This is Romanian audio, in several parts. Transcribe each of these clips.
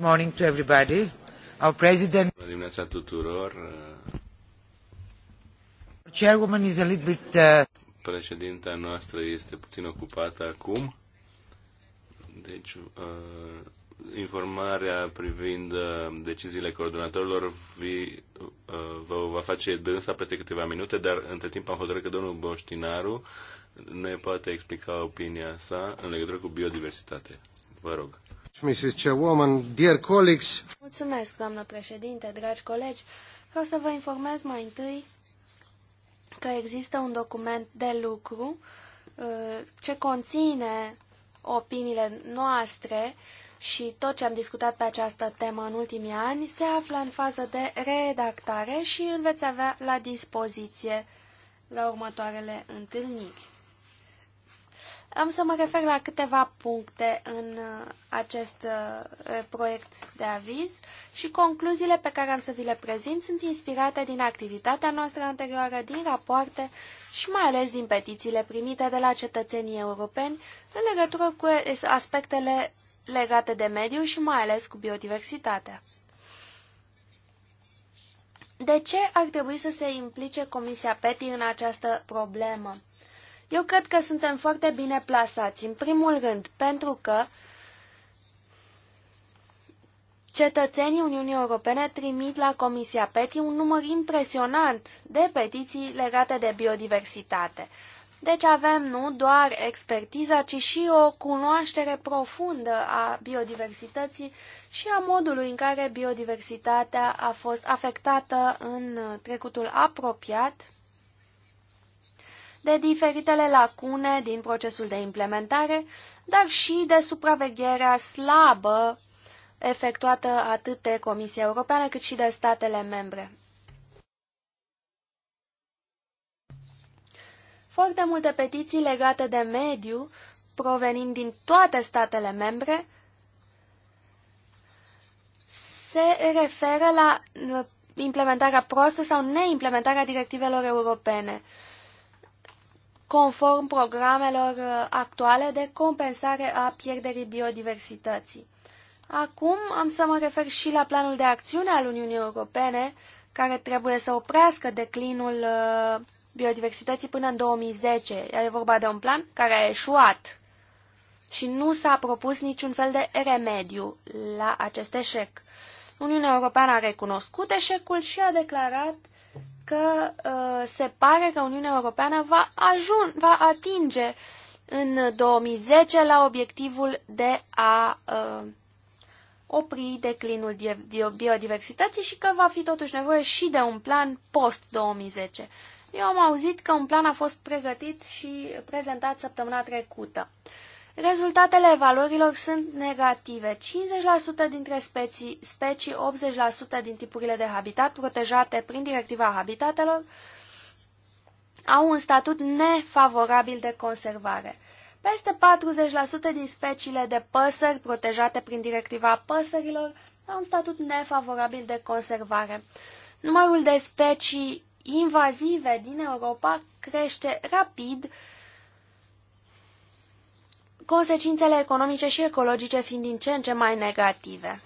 morning to everybody. Our president. Bună dimineața tuturor. Chairwoman is a little bit. Uh... Președinta noastră este puțin ocupată acum. Deci, uh, informarea privind uh, deciziile coordonatorilor vi, uh, vă va face dânsa peste câteva minute, dar între timp am hotărât că domnul Boștinaru ne poate explica opinia sa în legătură cu biodiversitate. Vă rog. Mrs. Chairwoman, dear colleagues. Mulțumesc, doamnă președinte, dragi colegi. Vreau să vă informez mai întâi că există un document de lucru uh, ce conține opiniile noastre și tot ce am discutat pe această temă în ultimii ani se află în fază de redactare și îl veți avea la dispoziție la următoarele întâlniri. Am să mă refer la câteva puncte în uh, acest uh, proiect de aviz și concluziile pe care am să vi le prezint sunt inspirate din activitatea noastră anterioară, din rapoarte și mai ales din petițiile primite de la cetățenii europeni în legătură cu aspectele legate de mediu și mai ales cu biodiversitatea. De ce ar trebui să se implice Comisia PETI în această problemă? Eu cred că suntem foarte bine plasați, în primul rând, pentru că cetățenii Uniunii Europene trimit la Comisia PETI un număr impresionant de petiții legate de biodiversitate. Deci avem nu doar expertiza, ci și o cunoaștere profundă a biodiversității și a modului în care biodiversitatea a fost afectată în trecutul apropiat de diferitele lacune din procesul de implementare, dar și de supravegherea slabă efectuată atât de Comisia Europeană cât și de statele membre. Foarte multe petiții legate de mediu, provenind din toate statele membre, se referă la implementarea proastă sau neimplementarea directivelor europene conform programelor uh, actuale de compensare a pierderii biodiversității. Acum am să mă refer și la planul de acțiune al Uniunii Europene, care trebuie să oprească declinul uh, biodiversității până în 2010. E vorba de un plan care a eșuat și nu s-a propus niciun fel de remediu la acest eșec. Uniunea Europeană a recunoscut eșecul și a declarat că uh, se pare că Uniunea Europeană va, ajun, va atinge în 2010 la obiectivul de a uh, opri declinul biodiversității și că va fi totuși nevoie și de un plan post-2010. Eu am auzit că un plan a fost pregătit și prezentat săptămâna trecută. Uh, Rezultatele evaluărilor sunt negative. 50% dintre specii, specii 80% din tipurile de habitat protejate prin directiva habitatelor au un statut nefavorabil de conservare. Peste 40% din speciile de păsări protejate prin directiva păsărilor au un statut nefavorabil de conservare. Numărul de specii invazive din Europa crește rapid consecințele economice și ecologice fiind din ce în ce mai negative.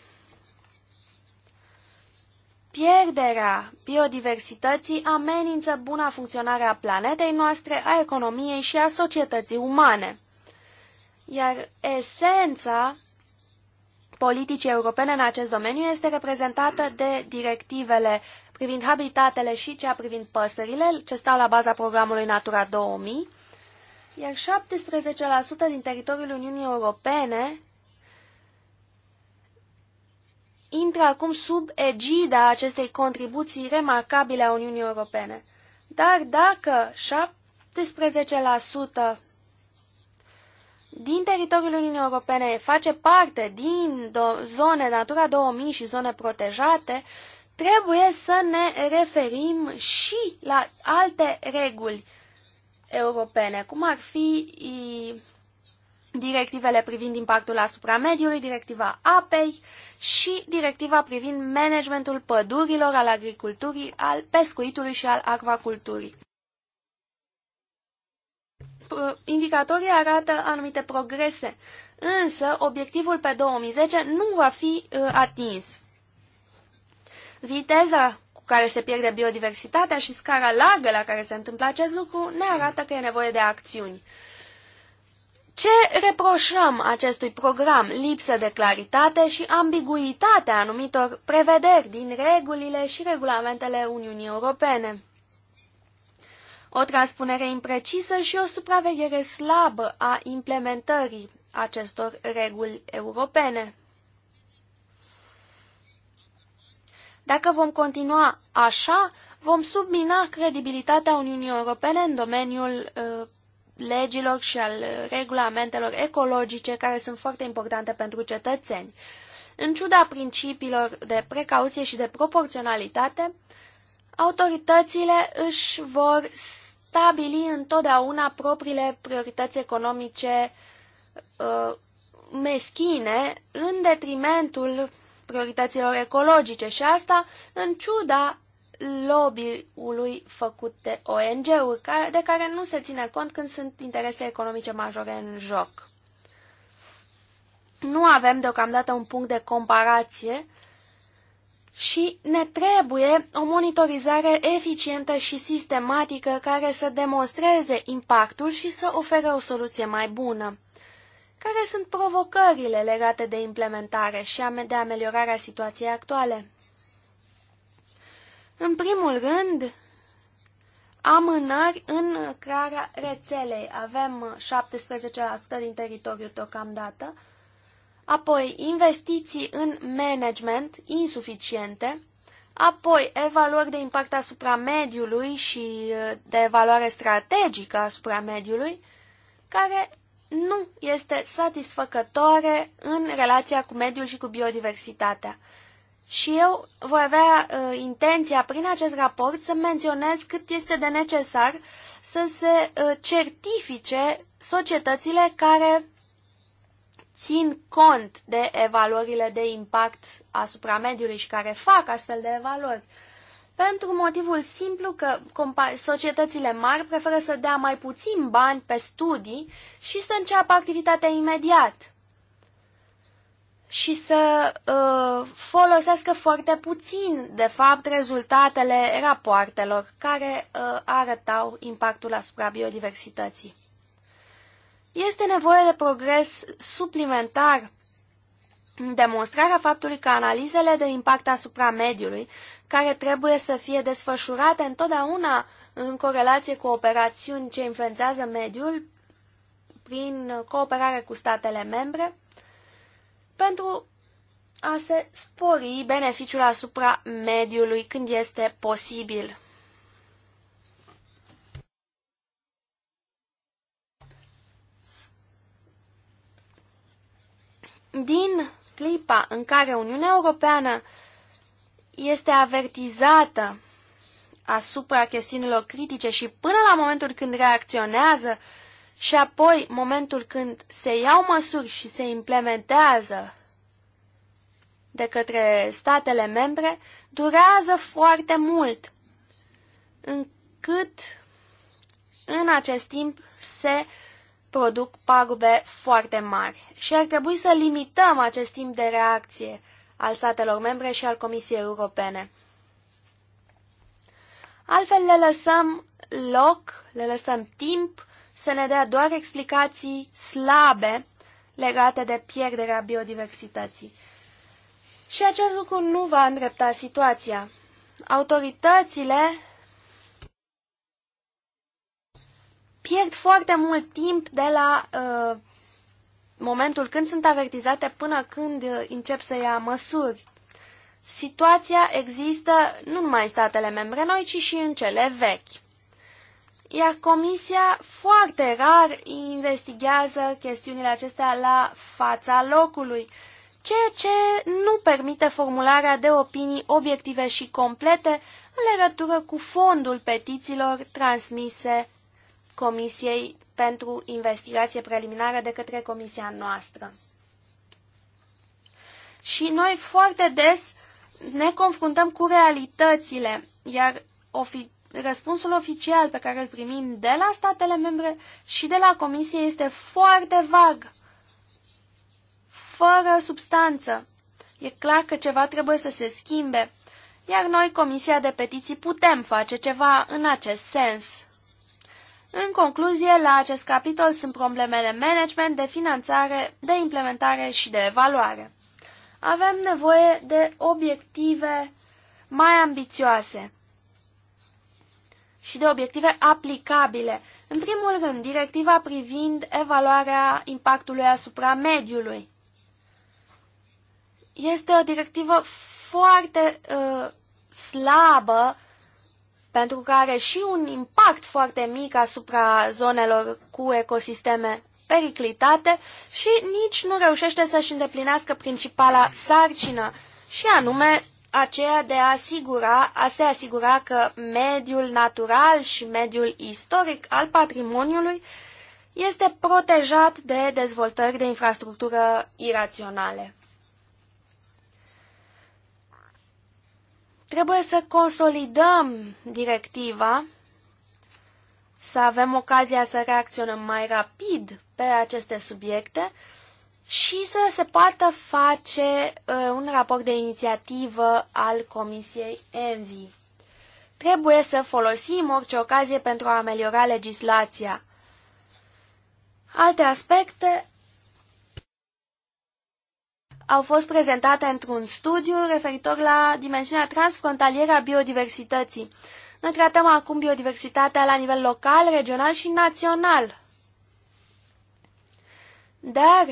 Pierderea biodiversității amenință buna funcționare a planetei noastre, a economiei și a societății umane. Iar esența politicii europene în acest domeniu este reprezentată de directivele privind habitatele și cea privind păsările, ce stau la baza programului Natura 2000, iar 17% din teritoriul Uniunii Europene intră acum sub egida acestei contribuții remarcabile a Uniunii Europene. Dar dacă 17% din teritoriul Uniunii Europene face parte din zone Natura 2000 și zone protejate, trebuie să ne referim și la alte reguli europene, cum ar fi directivele privind impactul asupra mediului, directiva apei și directiva privind managementul pădurilor, al agriculturii, al pescuitului și al acvaculturii. Indicatorii arată anumite progrese, însă obiectivul pe 2010 nu va fi uh, atins. Viteza care se pierde biodiversitatea și scara largă la care se întâmplă acest lucru ne arată că e nevoie de acțiuni. Ce reproșăm acestui program? Lipsă de claritate și ambiguitatea anumitor prevederi din regulile și regulamentele Uniunii Europene. O transpunere imprecisă și o supraveghere slabă a implementării acestor reguli europene. Dacă vom continua așa, vom submina credibilitatea Uniunii Europene în domeniul uh, legilor și al uh, regulamentelor ecologice care sunt foarte importante pentru cetățeni. În ciuda principiilor de precauție și de proporționalitate, autoritățile își vor stabili întotdeauna propriile priorități economice uh, meschine în detrimentul priorităților ecologice și asta în ciuda lobby-ului făcut de ONG-uri, de care nu se ține cont când sunt interese economice majore în joc. Nu avem deocamdată un punct de comparație și ne trebuie o monitorizare eficientă și sistematică care să demonstreze impactul și să ofere o soluție mai bună. Care sunt provocările legate de implementare și de ameliorarea situației actuale? În primul rând, amânări în crearea rețelei. Avem 17% din teritoriu deocamdată. Apoi, investiții în management insuficiente. Apoi, evaluări de impact asupra mediului și uh, de evaluare strategică asupra mediului, care nu este satisfăcătoare în relația cu mediul și cu biodiversitatea. Și eu voi avea uh, intenția prin acest raport să menționez cât este de necesar să se uh, certifice societățile care țin cont de evaluările de impact asupra mediului și care fac astfel de evaluări. Uh, pentru motivul simplu că societățile mari preferă să dea mai puțin bani pe studii și să înceapă activitatea imediat și să uh, folosească foarte puțin, de fapt, rezultatele rapoartelor care uh, arătau impactul asupra biodiversității. Este nevoie de progres suplimentar demonstrarea faptului că analizele de impact asupra mediului, care trebuie să fie desfășurate întotdeauna în corelație cu operațiuni ce influențează mediul, prin cooperare cu statele membre, pentru a se spori beneficiul asupra mediului când este posibil. Din clipa în care Uniunea Europeană este avertizată asupra chestiunilor critice și până la momentul când reacționează și apoi momentul când se iau măsuri și se implementează de către statele membre, durează foarte mult, încât în acest timp se uh, produc pagube foarte mari și ar trebui să limităm acest timp de reacție al statelor membre și al Comisiei Europene. Altfel le lăsăm loc, le lăsăm timp să ne dea doar explicații slabe legate de pierderea biodiversității. Și acest lucru nu va îndrepta situația. Autoritățile pierd foarte mult timp de la uh, momentul când sunt avertizate până când uh, încep să ia măsuri. Situația există nu numai în statele membre noi, ci și în cele vechi. Iar comisia foarte rar investigează chestiunile acestea la fața locului, ceea ce nu permite formularea de opinii obiective și complete în legătură cu fondul petițiilor transmise Comisiei pentru investigație preliminară de către Comisia noastră. Și noi foarte des ne confruntăm cu realitățile, iar ofi răspunsul oficial pe care îl primim de la statele membre și de la Comisie este foarte vag, fără substanță. E clar că ceva trebuie să se schimbe, iar noi, Comisia de Petiții, putem face ceva în acest sens. În concluzie, la acest capitol sunt probleme de management, de finanțare, de implementare și de evaluare. Avem nevoie de obiective mai ambițioase și de obiective aplicabile. În primul rând, directiva privind evaluarea impactului asupra mediului. Este o directivă foarte uh, slabă pentru că are și un impact foarte mic asupra zonelor cu ecosisteme periclitate și nici nu reușește să-și îndeplinească principala sarcină, și anume aceea de a, asigura, a se asigura că mediul natural și mediul istoric al patrimoniului este protejat de dezvoltări de infrastructură iraționale. Trebuie să consolidăm directiva, să avem ocazia să reacționăm mai rapid pe aceste subiecte și să se poată face uh, un raport de inițiativă al Comisiei ENVI. Trebuie să folosim orice ocazie pentru a ameliora legislația. Alte aspecte au fost prezentate într-un studiu referitor la dimensiunea transfrontalieră a biodiversității. Noi tratăm acum biodiversitatea la nivel local, regional și național. Dar,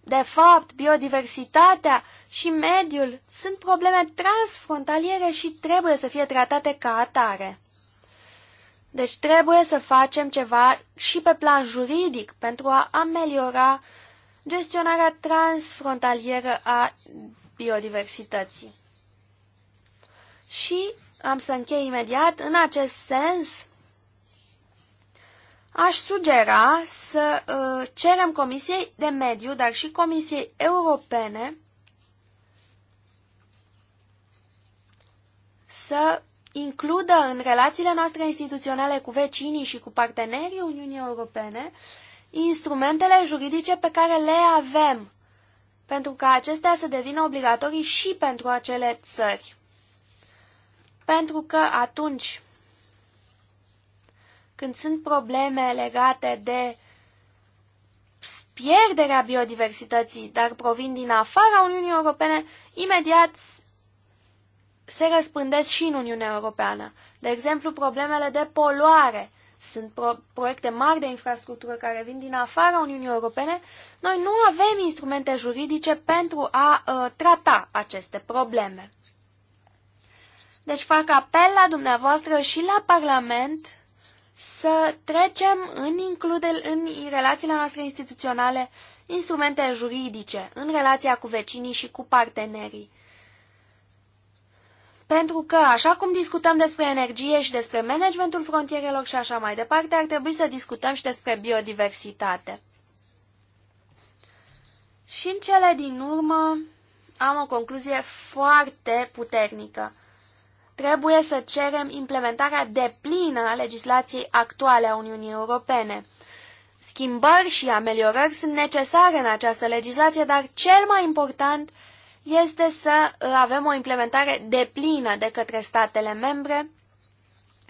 de fapt, biodiversitatea și mediul sunt probleme transfrontaliere și trebuie să fie tratate ca atare. Deci trebuie să facem ceva și pe plan juridic pentru a ameliora uh, gestionarea transfrontalieră a biodiversității. Și am să închei imediat, în acest sens, aș sugera să uh, cerem Comisiei de Mediu, dar și Comisiei Europene, să includă în relațiile noastre instituționale cu vecinii și cu partenerii Uniunii Europene instrumentele juridice pe care le avem, pentru ca acestea să devină obligatorii și pentru acele țări. Pentru că atunci când sunt probleme legate de pierderea biodiversității, dar provin din afara Uniunii Europene, imediat se răspândesc și în Uniunea Europeană. De exemplu, problemele de poluare sunt pro proiecte mari de infrastructură care vin din afara Uniunii Europene, noi nu avem instrumente juridice pentru a uh, trata aceste probleme. Deci fac apel la dumneavoastră și la Parlament să trecem în, include, în relațiile noastre instituționale instrumente juridice în relația cu vecinii și cu partenerii pentru că, așa cum discutăm despre energie și despre managementul frontierelor și așa mai departe, ar trebui să discutăm și despre biodiversitate. Și în cele din urmă am o concluzie foarte puternică. Trebuie să cerem implementarea deplină a legislației actuale a Uniunii Europene. Schimbări și ameliorări sunt necesare în această legislație, dar cel mai important este să uh, avem o implementare deplină de către statele membre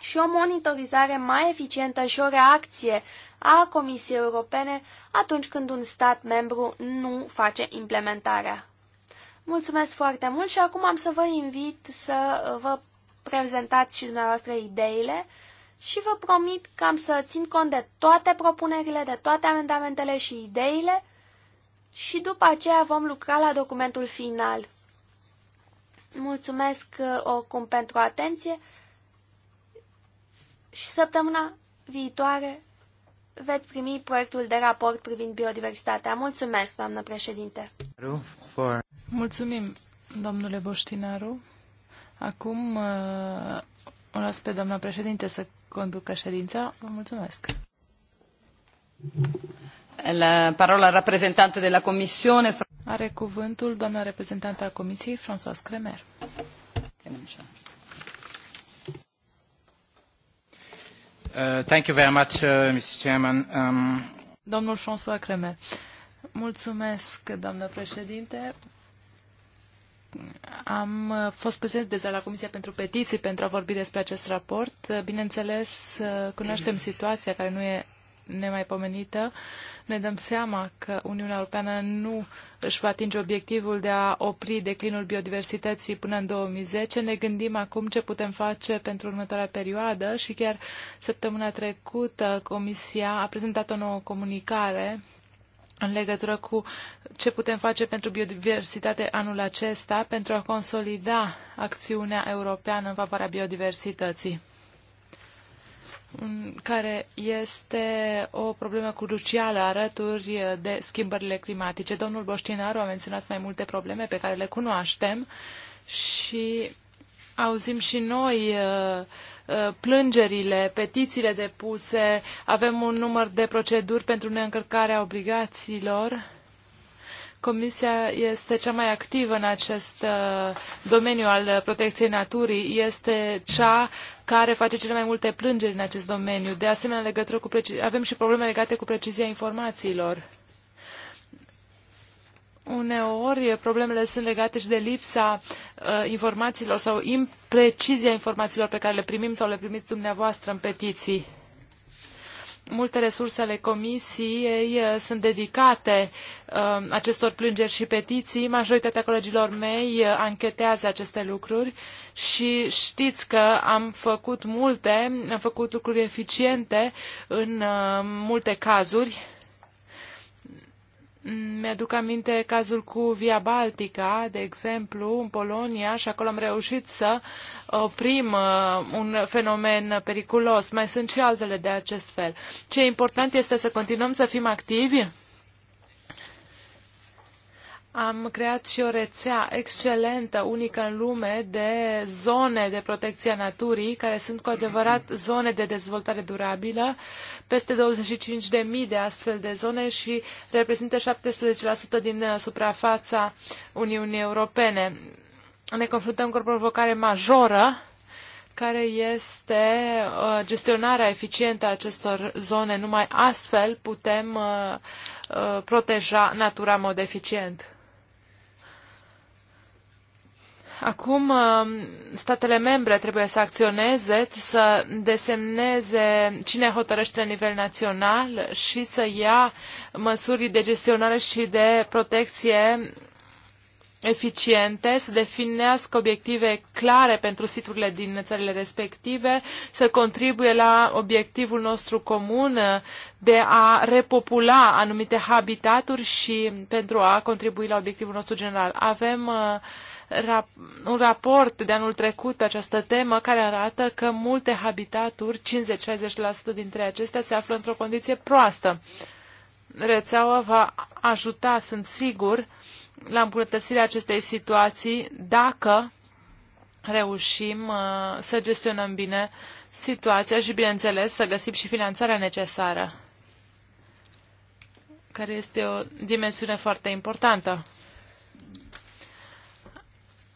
și o monitorizare mai eficientă și o reacție a Comisiei Europene atunci când un stat membru nu face implementarea. Mulțumesc foarte mult și acum am să vă invit să uh, vă prezentați și dumneavoastră ideile și vă promit că am să țin cont de toate propunerile, de toate amendamentele și ideile și după aceea vom lucra la documentul final. Mulțumesc uh, oricum pentru atenție și săptămâna viitoare veți primi proiectul de raport privind biodiversitatea. Mulțumesc, doamnă președinte! Mulțumim, domnule Boștinaru. Acum uh, o las pe doamna președinte să conducă ședința. Vă mulțumesc! La parola al rappresentante della Are cuvântul doamna reprezentantă a Comisiei, François Kremer. Uh, thank you very much, uh, Mr. Chairman. Um... Domnul François Kremer. Mulțumesc, doamnă președinte. Am uh, fost prezent deja la Comisia pentru Petiții pentru a vorbi despre acest raport. Bineînțeles, cunoaștem situația care nu e nemaipomenită, ne dăm seama că Uniunea Europeană nu își va atinge obiectivul de a opri declinul biodiversității până în 2010. Ne gândim acum ce putem face pentru următoarea perioadă și chiar săptămâna trecută Comisia a prezentat o nouă comunicare în legătură cu ce putem face pentru biodiversitate anul acesta pentru a consolida acțiunea europeană în favoarea biodiversității care este o problemă crucială arături de schimbările climatice. Domnul Boștinaru a menționat mai multe probleme pe care le cunoaștem și auzim și noi uh, uh, plângerile, petițiile depuse, avem un număr de proceduri pentru neîncărcarea obligațiilor Comisia este cea mai activă în acest uh, domeniu al protecției naturii, este cea care face cele mai multe plângeri în acest domeniu. De asemenea, legătură cu avem și probleme legate cu precizia informațiilor. Uneori, problemele sunt legate și de lipsa uh, informațiilor sau imprecizia informațiilor pe care le primim sau le primiți dumneavoastră în petiții multe resurse ale comisiei eh, sunt dedicate eh, acestor plângeri și petiții. Majoritatea colegilor mei eh, anchetează aceste lucruri și știți că am făcut multe, am făcut lucruri eficiente în multe cazuri mi-aduc aminte cazul cu Via Baltica, de exemplu, în Polonia și acolo am reușit să oprim uh, un fenomen periculos. Mai sunt și altele de acest fel. Ce important este să continuăm să fim activi am creat și o rețea excelentă, unică în lume, de zone de protecție a naturii, care sunt cu adevărat zone de dezvoltare durabilă, peste 25.000 de astfel de zone și reprezintă 17% din uh, suprafața Uniunii Europene. Ne confruntăm cu o provocare majoră, care este uh, gestionarea eficientă a acestor zone. Numai astfel putem uh, proteja natura în mod eficient. Acum um, statele membre trebuie să acționeze, să desemneze cine hotărăște la nivel național și să ia măsuri de gestionare și de protecție eficiente, să definească obiective clare pentru siturile din țările respective, să contribuie la obiectivul nostru comun de a repopula anumite habitaturi și pentru a contribui la obiectivul nostru general. Avem uh, rap un raport de anul trecut pe această temă care arată că multe habitaturi, 50-60% dintre acestea, se află într-o condiție proastă. Rețeaua va ajuta, sunt sigur, la îmbunătățirea acestei situații dacă reușim uh, să gestionăm bine situația și, bineînțeles, să găsim și finanțarea necesară, care este o dimensiune foarte importantă.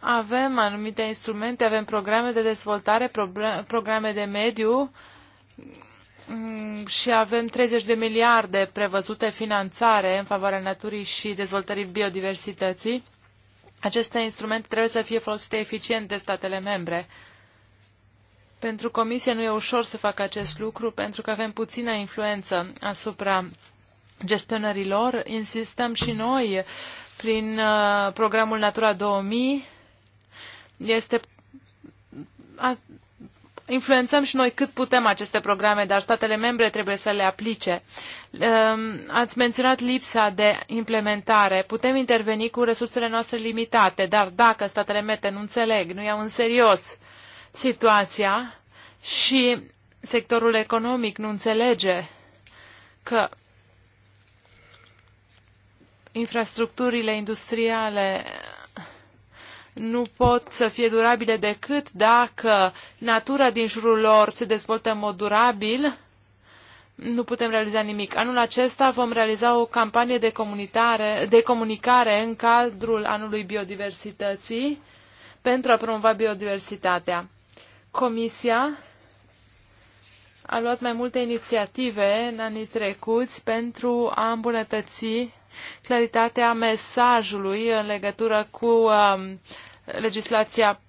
Avem anumite instrumente, avem programe de dezvoltare, programe de mediu mm, și avem 30 de miliarde prevăzute finanțare în favoarea naturii și dezvoltării biodiversității. Aceste instrumente trebuie să fie folosite eficient de statele membre. Pentru Comisie nu e ușor să facă acest lucru pentru că avem puțină influență asupra gestionărilor. Insistăm și noi prin uh, programul Natura 2000 este a, influențăm și noi cât putem aceste programe, dar statele membre trebuie să le aplice. Um, ați menționat lipsa de implementare. Putem interveni cu resursele noastre limitate, dar dacă statele mete nu înțeleg, nu iau în serios situația și sectorul economic nu înțelege că infrastructurile industriale nu pot să fie durabile decât dacă natura din jurul lor se dezvoltă în mod durabil, nu putem realiza nimic. Anul acesta vom realiza o campanie de, comunitare, de comunicare în cadrul anului biodiversității pentru a promova biodiversitatea. Comisia a luat mai multe inițiative în anii trecuți pentru a îmbunătăți claritatea mesajului în legătură cu uh, legislația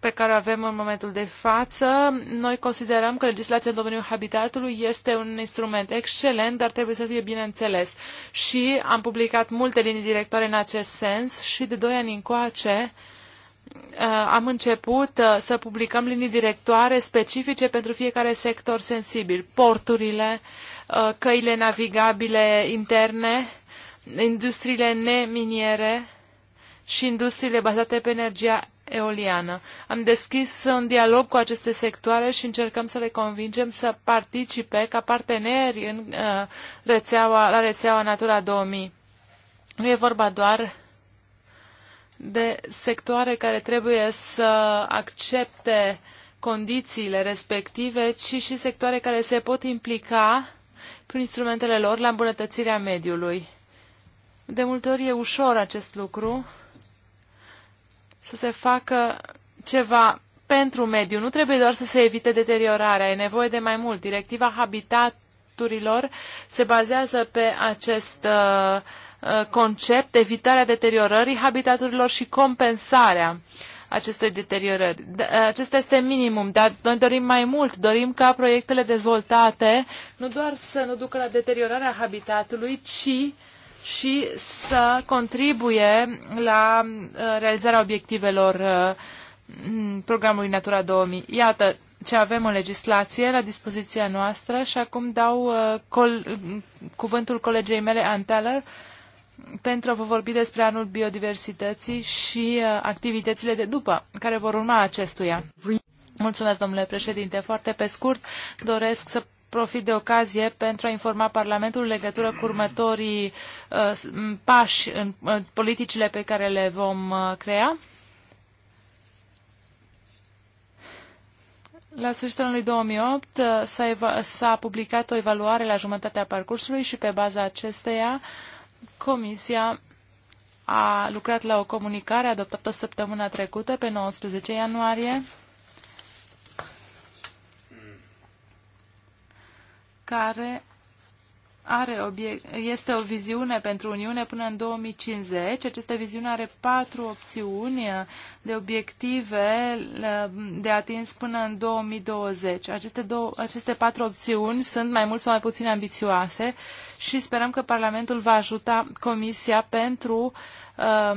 pe care o avem în momentul de față. Noi considerăm că legislația în domeniul habitatului este un instrument excelent, dar trebuie să fie bine înțeles. Și am publicat multe linii directoare în acest sens și de doi ani încoace uh, am început uh, să publicăm linii directoare specifice pentru fiecare sector sensibil. Porturile, uh, căile navigabile interne, industriile neminiere, și industriile bazate pe energia eoliană. Am deschis un dialog cu aceste sectoare și încercăm să le convingem să participe ca parteneri în uh, rețeaua, la rețeaua Natura 2000. Nu e vorba doar de sectoare care trebuie să accepte condițiile respective, ci și sectoare care se pot implica prin instrumentele lor la îmbunătățirea mediului. De multe ori e ușor acest lucru să se facă ceva pentru mediu. Nu trebuie doar să se evite deteriorarea, e nevoie de mai mult. Directiva habitaturilor se bazează pe acest uh, uh concept, evitarea deteriorării habitaturilor și compensarea acestei deteriorări. Da, uh, acesta este minimum, dar noi dorim mai mult. Dorim ca proiectele dezvoltate nu doar să nu ducă la deteriorarea habitatului, ci și să contribuie la uh, realizarea obiectivelor uh, programului Natura 2000. Iată ce avem în legislație la dispoziția noastră și acum dau uh, col- cuvântul colegei mele, Ann Teller, pentru a vă vorbi despre anul biodiversității și activitățile de după care vor urma acestuia. Mulțumesc, domnule președinte. Foarte pe scurt, doresc să profit de ocazie pentru a informa Parlamentul în legătură cu următorii uh, pași în uh, politicile pe care le vom uh, crea? La sfârșitul anului 2008 uh, s-a, publicat o evaluare la jumătatea parcursului și pe baza acesteia Comisia a lucrat la o comunicare adoptată săptămâna trecută, pe 19 ianuarie, care are obiect, este o viziune pentru Uniune până în 2050. Această viziune are patru opțiuni de obiective de atins până în 2020. Aceste, două, aceste patru opțiuni sunt mai mult sau mai puțin ambițioase și sperăm că Parlamentul va ajuta Comisia pentru um,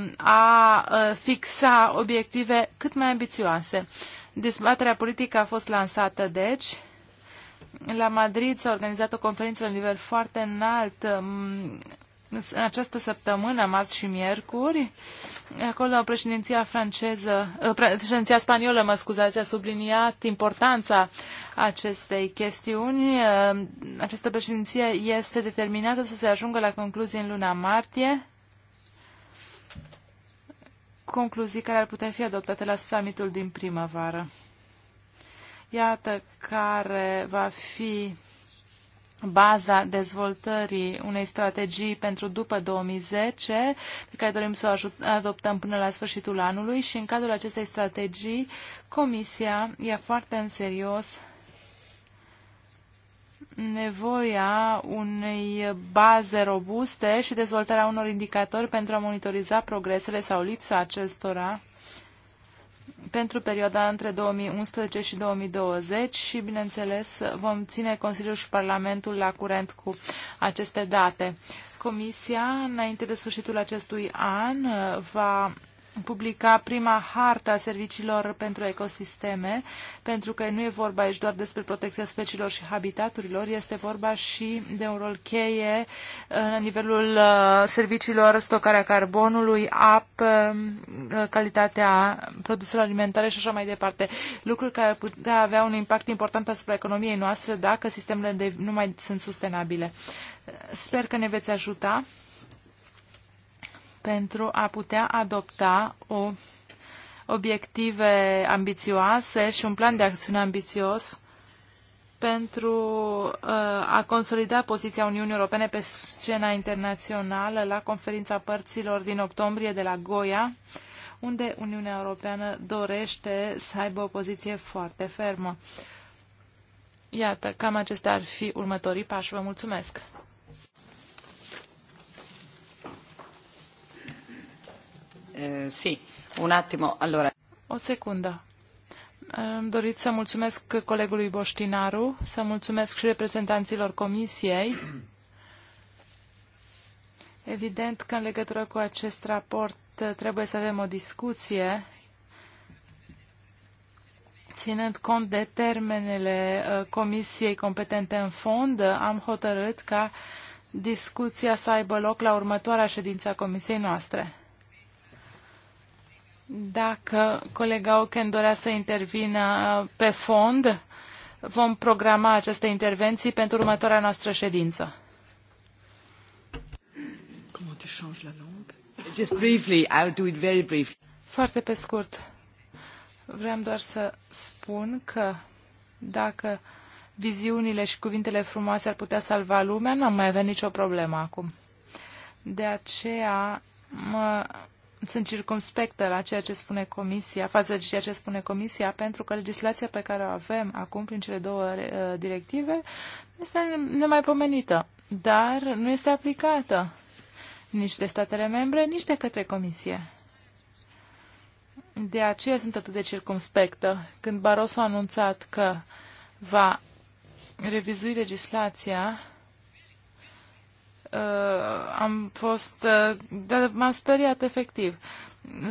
uh, a fixa obiective cât mai ambițioase. Dezbaterea politică a fost lansată, deci, la Madrid s-a organizat o conferință la nivel foarte înalt mm, în această săptămână, marți și miercuri. Acolo președinția franceză, uh, președinția spaniolă, mă scuzați, a subliniat importanța acestei chestiuni. Uh, această președinție este determinată să se ajungă la concluzii în luna martie concluzii care ar putea fi adoptate la summitul din primăvară. Iată care va fi baza dezvoltării unei strategii pentru după 2010, pe care dorim să o adoptăm până la sfârșitul anului și în cadrul acestei strategii Comisia ia foarte în serios nevoia unei baze robuste și dezvoltarea unor indicatori pentru a monitoriza progresele sau lipsa acestora pentru perioada între 2011 și 2020 și, bineînțeles, vom ține Consiliul și Parlamentul la curent cu aceste date. Comisia, înainte de sfârșitul acestui an, va publica prima harta a serviciilor pentru ecosisteme, pentru că nu e vorba aici doar despre protecția speciilor și habitaturilor, este vorba și de un rol cheie uh, la nivelul uh, serviciilor, stocarea carbonului, ap, uh, calitatea produselor alimentare și așa mai departe. Lucruri care putea avea un impact important asupra economiei noastre dacă sistemele de, nu mai sunt sustenabile. Sper că ne veți ajuta pentru a putea adopta o obiective ambițioase și un plan de acțiune ambițios pentru uh, a consolida poziția Uniunii Europene pe scena internațională la conferința părților din octombrie de la Goia, unde Uniunea Europeană dorește să aibă o poziție foarte fermă. Iată, cam acestea ar fi următorii pași. Vă mulțumesc! Eh, sì, un attimo, allora. O secundă. Am dorit să mulțumesc colegului Boștinaru, să mulțumesc și reprezentanților comisiei. Evident că în legătură cu acest raport eh, trebuie să avem o discuție ținând cont de termenele eh, comisiei competente în fond, am hotărât ca discuția să aibă loc la următoarea ședință a comisiei noastre. Dacă colega Oken dorea să intervină uh, pe fond, vom programa aceste intervenții pentru următoarea noastră ședință. Just briefly, I'll do it very briefly. Foarte pe scurt. Vreau doar să spun că dacă viziunile și cuvintele frumoase ar putea salva lumea, nu am mai avea nicio problemă acum. De aceea mă sunt circumspectă la ceea ce spune Comisia, față de ceea ce spune Comisia, pentru că legislația pe care o avem acum prin cele două uh, directive este nemaipomenită, dar nu este aplicată nici de statele membre, nici de către Comisie. De aceea sunt atât de circumspectă. Când Barroso a anunțat că va revizui legislația, uh, am fost, uh, dar m-am speriat efectiv.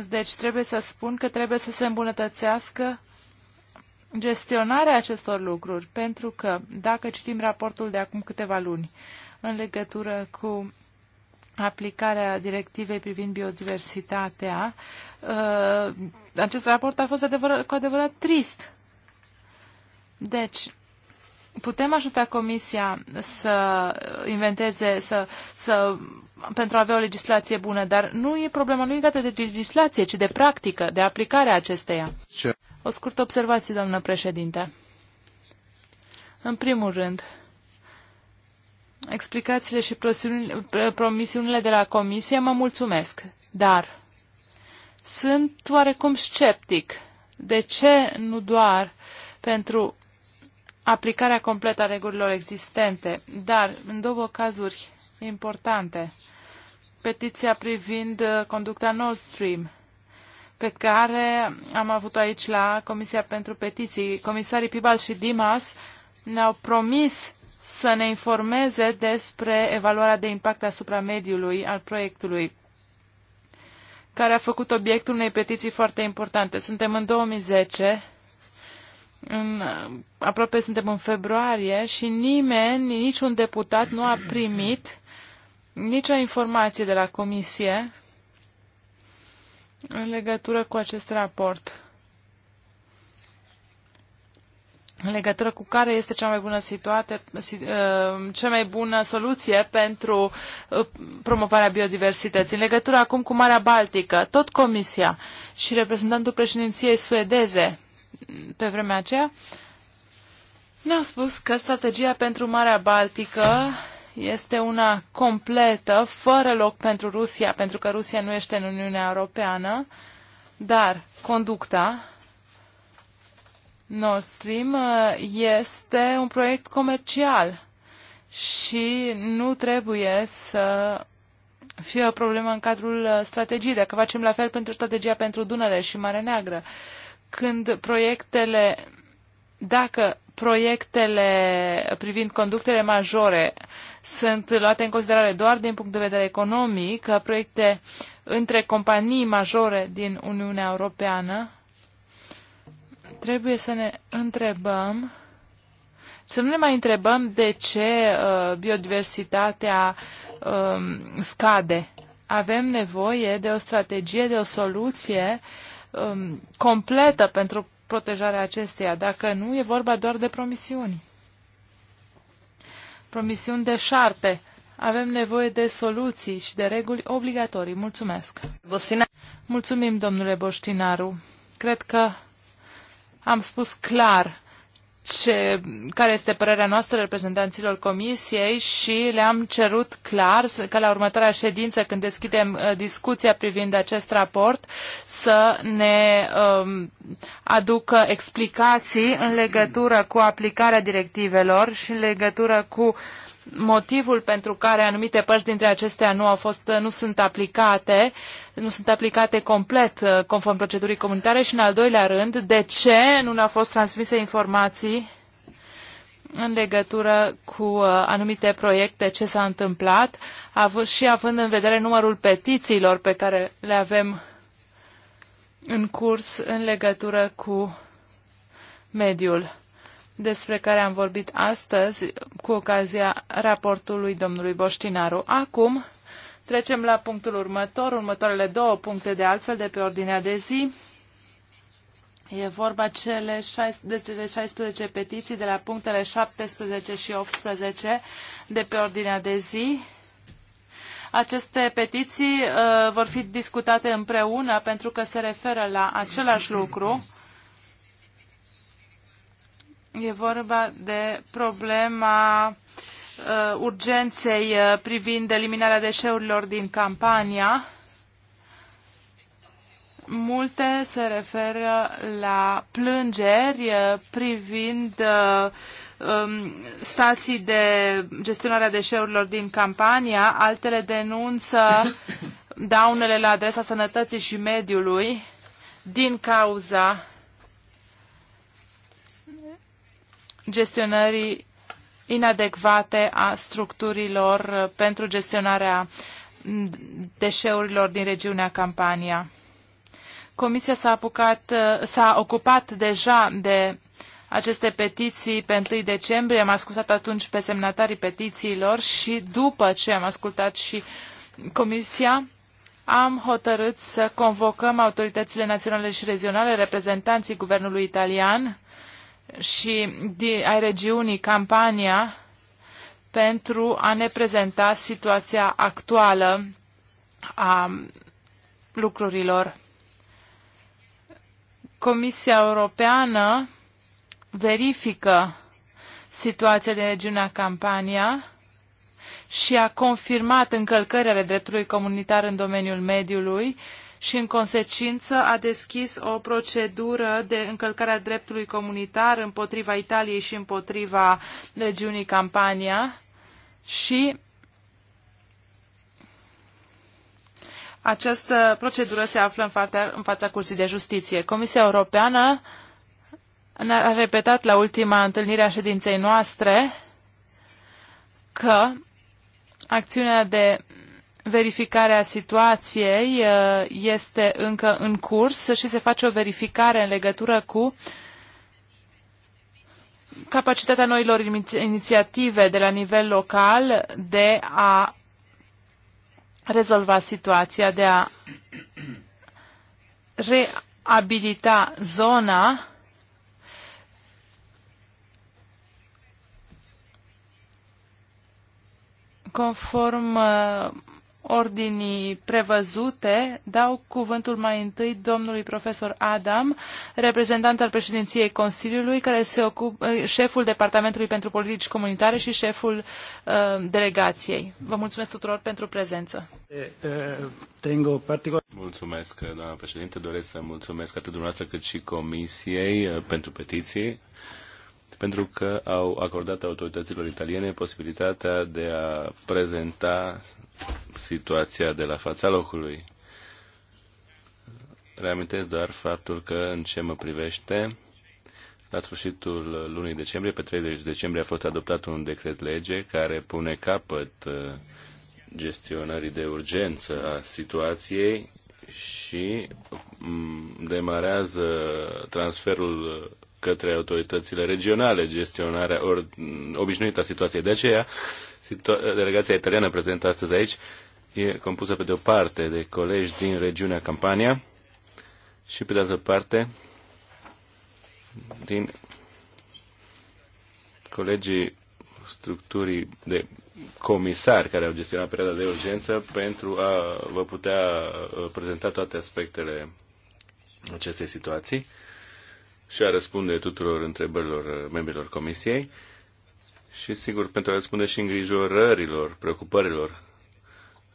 Deci trebuie să spun că trebuie să se îmbunătățească gestionarea acestor lucruri, pentru că dacă citim raportul de acum câteva luni în legătură cu aplicarea directivei privind biodiversitatea, uh, acest raport a fost adevărat, cu adevărat trist. Deci, putem ajuta Comisia să inventeze, să, să, pentru a avea o legislație bună, dar nu e problema nu legată de legislație, ci de practică, de a acesteia. Ce? O scurtă observație, doamnă președinte. În primul rând, explicațiile și promisiunile de la Comisie mă mulțumesc, dar sunt oarecum sceptic. De ce nu doar pentru aplicarea completă a regulilor existente, dar în două cazuri importante. Petiția privind uh, conducta Nord Stream, pe care am avut-o aici la Comisia pentru Petiții. Comisarii Pibal și Dimas ne-au promis să ne informeze despre evaluarea de impact asupra mediului al proiectului, care a făcut obiectul unei petiții foarte importante. Suntem în 2010 în, aproape suntem în februarie și nimeni, niciun deputat nu a primit nicio informație de la comisie în legătură cu acest raport. În legătură cu care este cea mai bună situație, uh, cea mai bună soluție pentru uh, promovarea biodiversității. În legătură acum cu Marea Baltică, tot Comisia și reprezentantul președinției suedeze pe vremea aceea, ne-a spus că strategia pentru Marea Baltică este una completă, fără loc pentru Rusia, pentru că Rusia nu este în Uniunea Europeană, dar conducta Nord Stream uh, este un proiect comercial și nu trebuie să fie o problemă în cadrul uh, strategiei, dacă facem la fel pentru strategia pentru Dunăre și Marea Neagră când proiectele, dacă proiectele privind conductele majore sunt luate în considerare doar din punct de vedere economic, proiecte între companii majore din Uniunea Europeană, trebuie să ne întrebăm, să nu ne mai întrebăm de ce uh, biodiversitatea uh, scade. Avem nevoie de o strategie, de o soluție uh, um, completă pentru protejarea acesteia. Dacă nu, e vorba doar de promisiuni. Promisiuni de șarpe. Avem nevoie de soluții și de reguli obligatorii. Mulțumesc. Bostina. Mulțumim, domnule Boștinaru. Cred că am spus clar ce, care este părerea noastră reprezentanților comisiei și le-am cerut clar că la următoarea ședință, când deschidem uh, discuția privind acest raport, să ne um, aducă explicații în legătură cu aplicarea directivelor și în legătură cu motivul pentru care anumite părți dintre acestea nu au fost, nu sunt aplicate, nu sunt aplicate complet uh, conform procedurii comunitare și în al doilea rând, de ce nu ne-au fost transmise informații în legătură cu uh, anumite proiecte, ce s-a întâmplat, și având în vedere numărul petițiilor pe care le avem în curs în legătură cu mediul despre care am vorbit astăzi cu ocazia raportului domnului Boștinaru. Acum trecem la punctul următor, următoarele două puncte de altfel de pe ordinea de zi. E vorba cele 16, de 16 petiții de la punctele 17 și 18 de pe ordinea de zi. Aceste petiții uh, vor fi discutate împreună pentru că se referă la același lucru E vorba de problema uh, urgenței uh, privind eliminarea deșeurilor din campania. Multe se referă la plângeri uh, privind uh, um, stații de gestionare a deșeurilor din campania, altele denunță daunele la adresa sănătății și mediului din cauza gestionării inadecvate a structurilor pentru gestionarea deșeurilor din regiunea Campania. Comisia s-a, apucat, s-a ocupat deja de aceste petiții pe 1 decembrie. Am ascultat atunci pe semnatarii petițiilor și după ce am ascultat și Comisia, am hotărât să convocăm autoritățile naționale și regionale, reprezentanții guvernului italian, și ai regiunii Campania pentru a ne prezenta situația actuală a lucrurilor. Comisia Europeană verifică situația din regiunea Campania și a confirmat încălcările dreptului comunitar în domeniul mediului și, în consecință, a deschis o procedură de încălcare a dreptului comunitar împotriva Italiei și împotriva regiunii Campania și această procedură se află în fața, în fața Cursii de Justiție. Comisia Europeană a repetat la ultima întâlnire a ședinței noastre că acțiunea de verificarea situației uh, este încă în curs și se face o verificare în legătură cu capacitatea noilor inițiative de la nivel local de a rezolva situația, de a reabilita zona conform uh, ordinii prevăzute, dau cuvântul mai întâi domnului profesor Adam, reprezentant al președinției Consiliului, care se ocupă, șeful Departamentului pentru Politici Comunitare și șeful uh, delegației. Vă mulțumesc tuturor pentru prezență. Mulțumesc, doamna președinte. Doresc să mulțumesc atât dumneavoastră cât și Comisiei uh, pentru petiții pentru că au acordat autorităților italiene posibilitatea de a prezenta situația de la fața locului. Reamintesc doar faptul că, în ce mă privește, la sfârșitul lunii decembrie, pe 30 decembrie, a fost adoptat un decret lege care pune capăt uh, gestionării de urgență a situației și mm, demarează transferul către autoritățile regionale gestionarea or, obișnuită a situației. De aceea, situa- delegația italiană prezentă astăzi aici e compusă pe de o parte de colegi din regiunea Campania și pe de altă parte din colegii structurii de comisari care au gestionat perioada de urgență pentru a vă putea uh, prezenta toate aspectele acestei situații și a răspunde tuturor întrebărilor uh, membrilor comisiei și, sigur, pentru a răspunde și îngrijorărilor, preocupărilor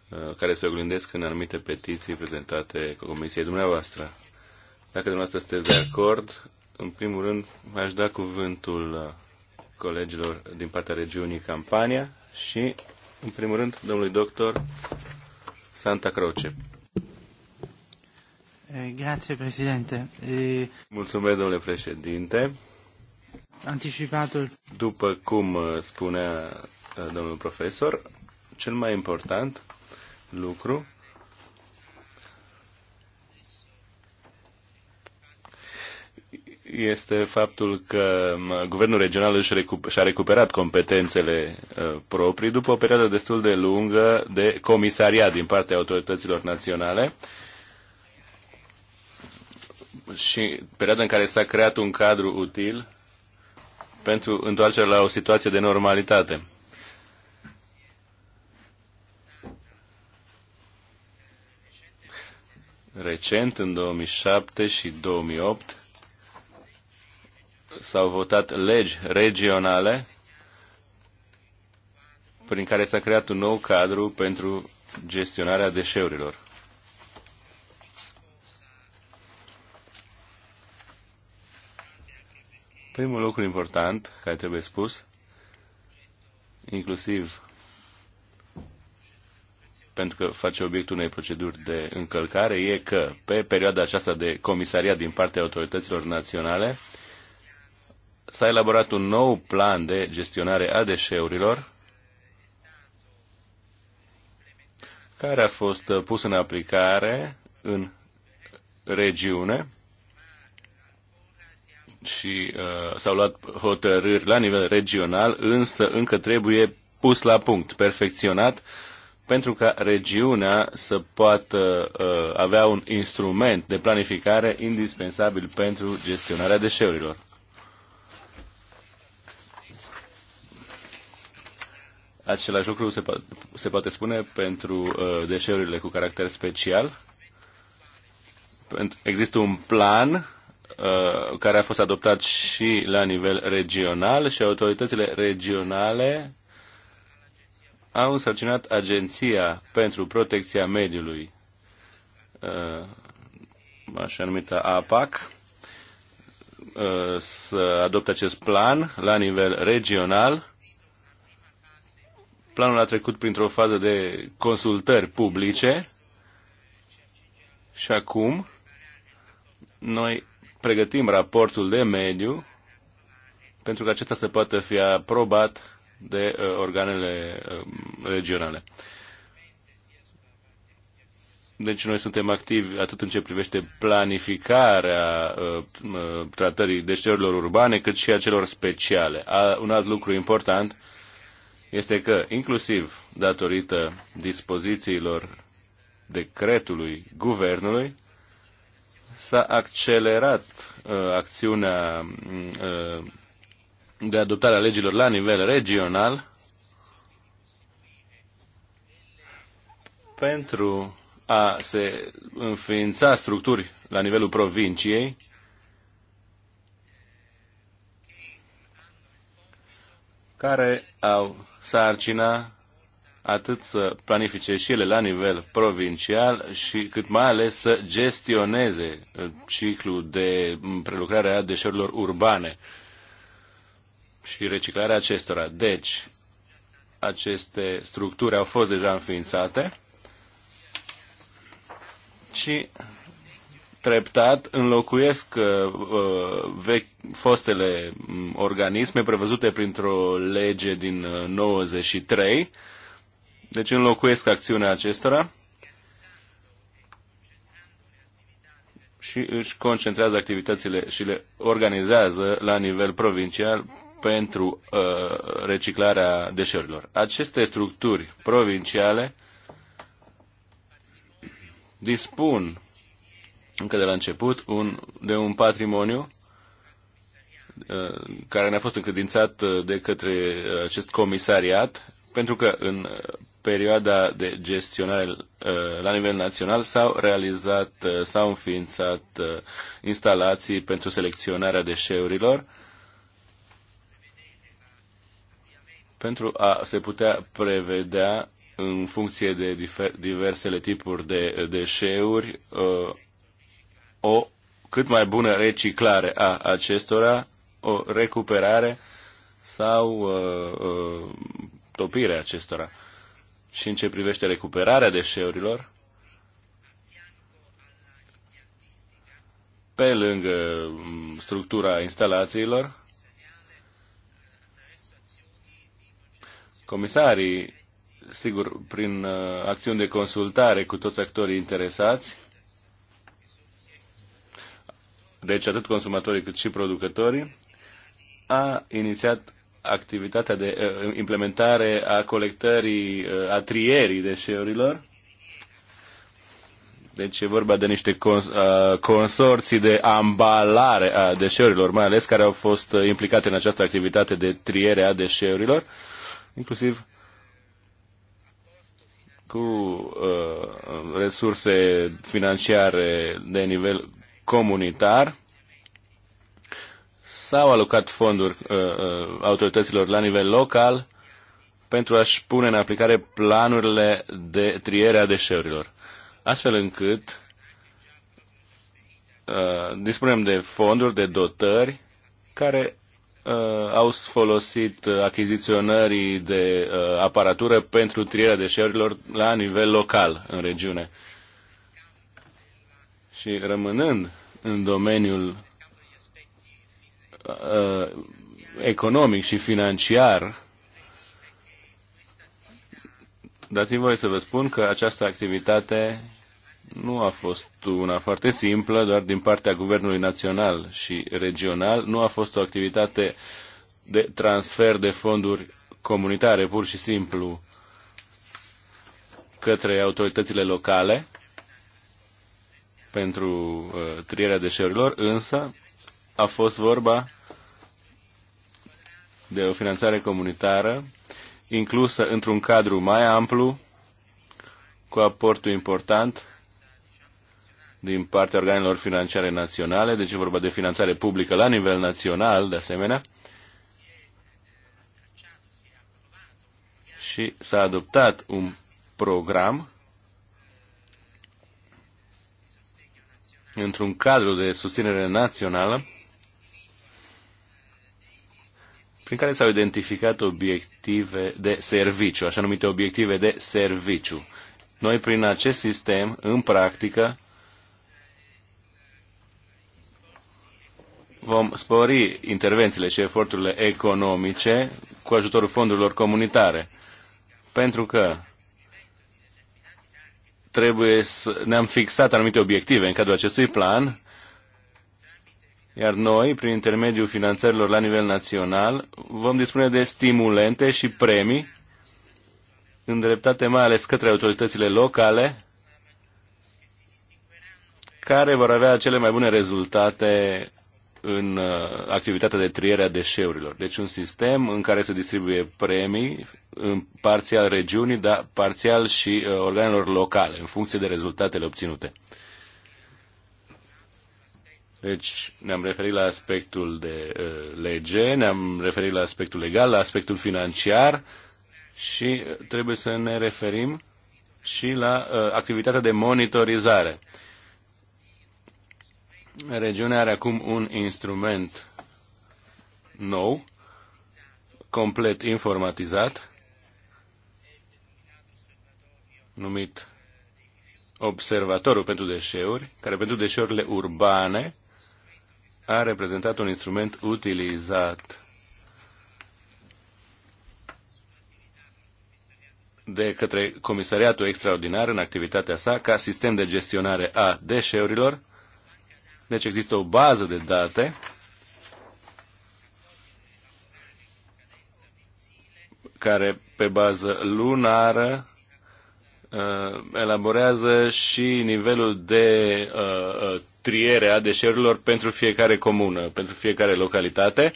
uh, care se oglindesc în anumite petiții prezentate comisiei dumneavoastră. Dacă dumneavoastră sunteți de acord, în primul rând aș da cuvântul uh, colegilor din partea regiunii Campania și, în primul rând, domnului doctor Santa Croce. Eh, grazie, Presidente. Eh, Mulțumesc, domnule președinte. Anticipatul. După cum eh, spunea domnul profesor, cel mai important lucru este faptul că mm, guvernul regional își recup- și-a recuperat competențele proprii după o perioadă destul de lungă de comisariat din partea autorităților naționale și perioada în care s-a creat un cadru util pentru întoarcerea la o situație de normalitate. Recent, în 2007 și 2008, s-au votat legi regionale prin care s-a creat un nou cadru pentru gestionarea deșeurilor. Primul lucru important care trebuie spus, inclusiv pentru că face obiectul unei proceduri de încălcare, e că pe perioada aceasta de comisariat din partea autorităților naționale s-a elaborat un nou plan de gestionare a deșeurilor care a fost pus în aplicare în regiune și uh, s-au luat hotărâri la nivel regional, însă încă trebuie pus la punct, perfecționat, pentru ca regiunea să poată uh, avea un instrument de planificare indispensabil pentru gestionarea deșeurilor. Același lucru se, po- se poate spune pentru uh, deșeurile cu caracter special. Există un plan Uh, care a fost adoptat și la nivel regional și autoritățile regionale au însărcinat Agenția pentru Protecția Mediului, uh, așa numită APAC, uh, să adopte acest plan la nivel regional. Planul a trecut printr-o fază de consultări publice și acum noi pregătim raportul de mediu pentru că acesta să poată fi aprobat de uh, organele uh, regionale. Deci noi suntem activi atât în ce privește planificarea uh, uh, tratării deșeurilor urbane, cât și a celor speciale. A, un alt lucru important este că, inclusiv datorită dispozițiilor decretului guvernului, s-a accelerat uh, acțiunea uh, de adoptare a legilor la nivel regional pentru a se înființa structuri la nivelul provinciei care au sarcina atât să planifice și ele la nivel provincial și cât mai ales să gestioneze uh, ciclul de mm, prelucrare a deșeurilor urbane și reciclarea acestora. Deci, aceste structuri au fost deja înființate și treptat înlocuiesc uh, uh, vechi, fostele mm, organisme prevăzute printr-o lege din 93 deci înlocuiesc acțiunea acestora și își concentrează activitățile și le organizează la nivel provincial pentru uh, reciclarea deșeurilor. Aceste structuri provinciale dispun încă de la început un, de un patrimoniu uh, care ne-a fost încredințat uh, de către uh, acest comisariat pentru că în uh, perioada de gestionare uh, la nivel național s-au realizat, uh, s-au înființat instalații pentru selecționarea deșeurilor pentru a se putea prevedea în funcție de diversele tipuri de deșeuri o cât mai bună reciclare a acestora, o recuperare sau uh, uh, Topire acestora. Și în ce privește recuperarea deșeurilor, pe lângă mm, structura instalațiilor, comisarii, sigur, prin uh, acțiuni de consultare cu toți actorii interesați, deci atât consumatorii cât și producătorii, a inițiat activitatea de uh, implementare a colectării, uh, a trierii deșeurilor. Deci e vorba de niște cons- uh, consorții de ambalare a deșeurilor, mai ales care au fost implicate în această activitate de triere a deșeurilor, inclusiv cu uh, resurse financiare de nivel comunitar s-au alocat fonduri uh, uh, autorităților la nivel local pentru a-și pune în aplicare planurile de triere a deșeurilor, astfel încât uh, dispunem de fonduri, de dotări care uh, au folosit uh, achiziționării de uh, aparatură pentru trierea deșeurilor la nivel local în regiune. Și rămânând în domeniul Uh, economic și financiar, dați-mi voi să vă spun că această activitate nu a fost una foarte simplă, doar din partea Guvernului Național și Regional. Nu a fost o activitate de transfer de fonduri comunitare, pur și simplu, către autoritățile locale pentru uh, trierea deșeurilor, însă a fost vorba de o finanțare comunitară inclusă într-un cadru mai amplu, cu aportul important din partea organelor financiare naționale, deci e vorba de finanțare publică la nivel național, de asemenea, și s-a adoptat un program într-un cadru de susținere națională prin care s-au identificat obiective de serviciu, așa numite obiective de serviciu. Noi, prin acest sistem, în practică, vom spori intervențiile și eforturile economice cu ajutorul fondurilor comunitare. Pentru că trebuie să ne-am fixat anumite obiective în cadrul acestui plan iar noi, prin intermediul finanțărilor la nivel național, vom dispune de stimulente și premii îndreptate mai ales către autoritățile locale, care vor avea cele mai bune rezultate în uh, activitatea de triere a deșeurilor. Deci un sistem în care se distribuie premii în parțial regiunii, dar parțial și uh, organelor locale, în funcție de rezultatele obținute. Deci ne-am referit la aspectul de uh, lege, ne-am referit la aspectul legal, la aspectul financiar și uh, trebuie să ne referim și la uh, activitatea de monitorizare. Regiunea are acum un instrument nou, complet informatizat, numit Observatorul pentru Deșeuri, care pentru deșeurile urbane a reprezentat un instrument utilizat de către Comisariatul Extraordinar în activitatea sa ca sistem de gestionare a deșeurilor. Deci există o bază de date care pe bază lunară uh, elaborează și nivelul de uh, uh, triere a deșeurilor pentru fiecare comună, pentru fiecare localitate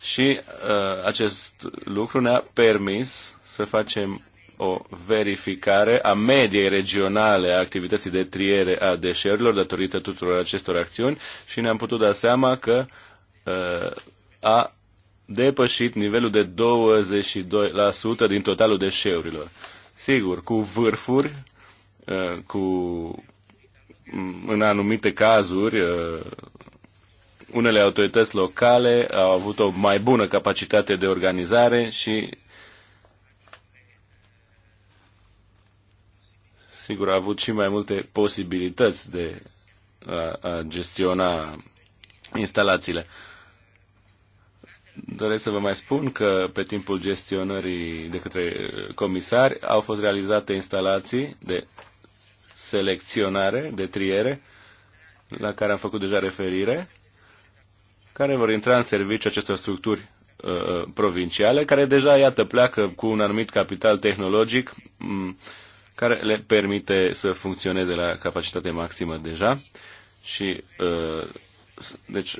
și uh, acest lucru ne-a permis să facem o verificare a mediei regionale a activității de triere a deșeurilor datorită tuturor acestor acțiuni și ne-am putut da seama că uh, a depășit nivelul de 22% din totalul deșeurilor. Sigur, cu vârfuri, uh, cu în anumite cazuri, uh, unele autorități locale au avut o mai bună capacitate de organizare și sigur au avut și mai multe posibilități de a, a gestiona instalațiile. Doresc să vă mai spun că pe timpul gestionării de către comisari au fost realizate instalații de selecționare, de triere, la care am făcut deja referire, care vor intra în serviciu acestor structuri uh, uh provinciale, care deja, iată, pleacă cu un anumit capital tehnologic um, care le permite să funcționeze la capacitate maximă deja și, uh, deci,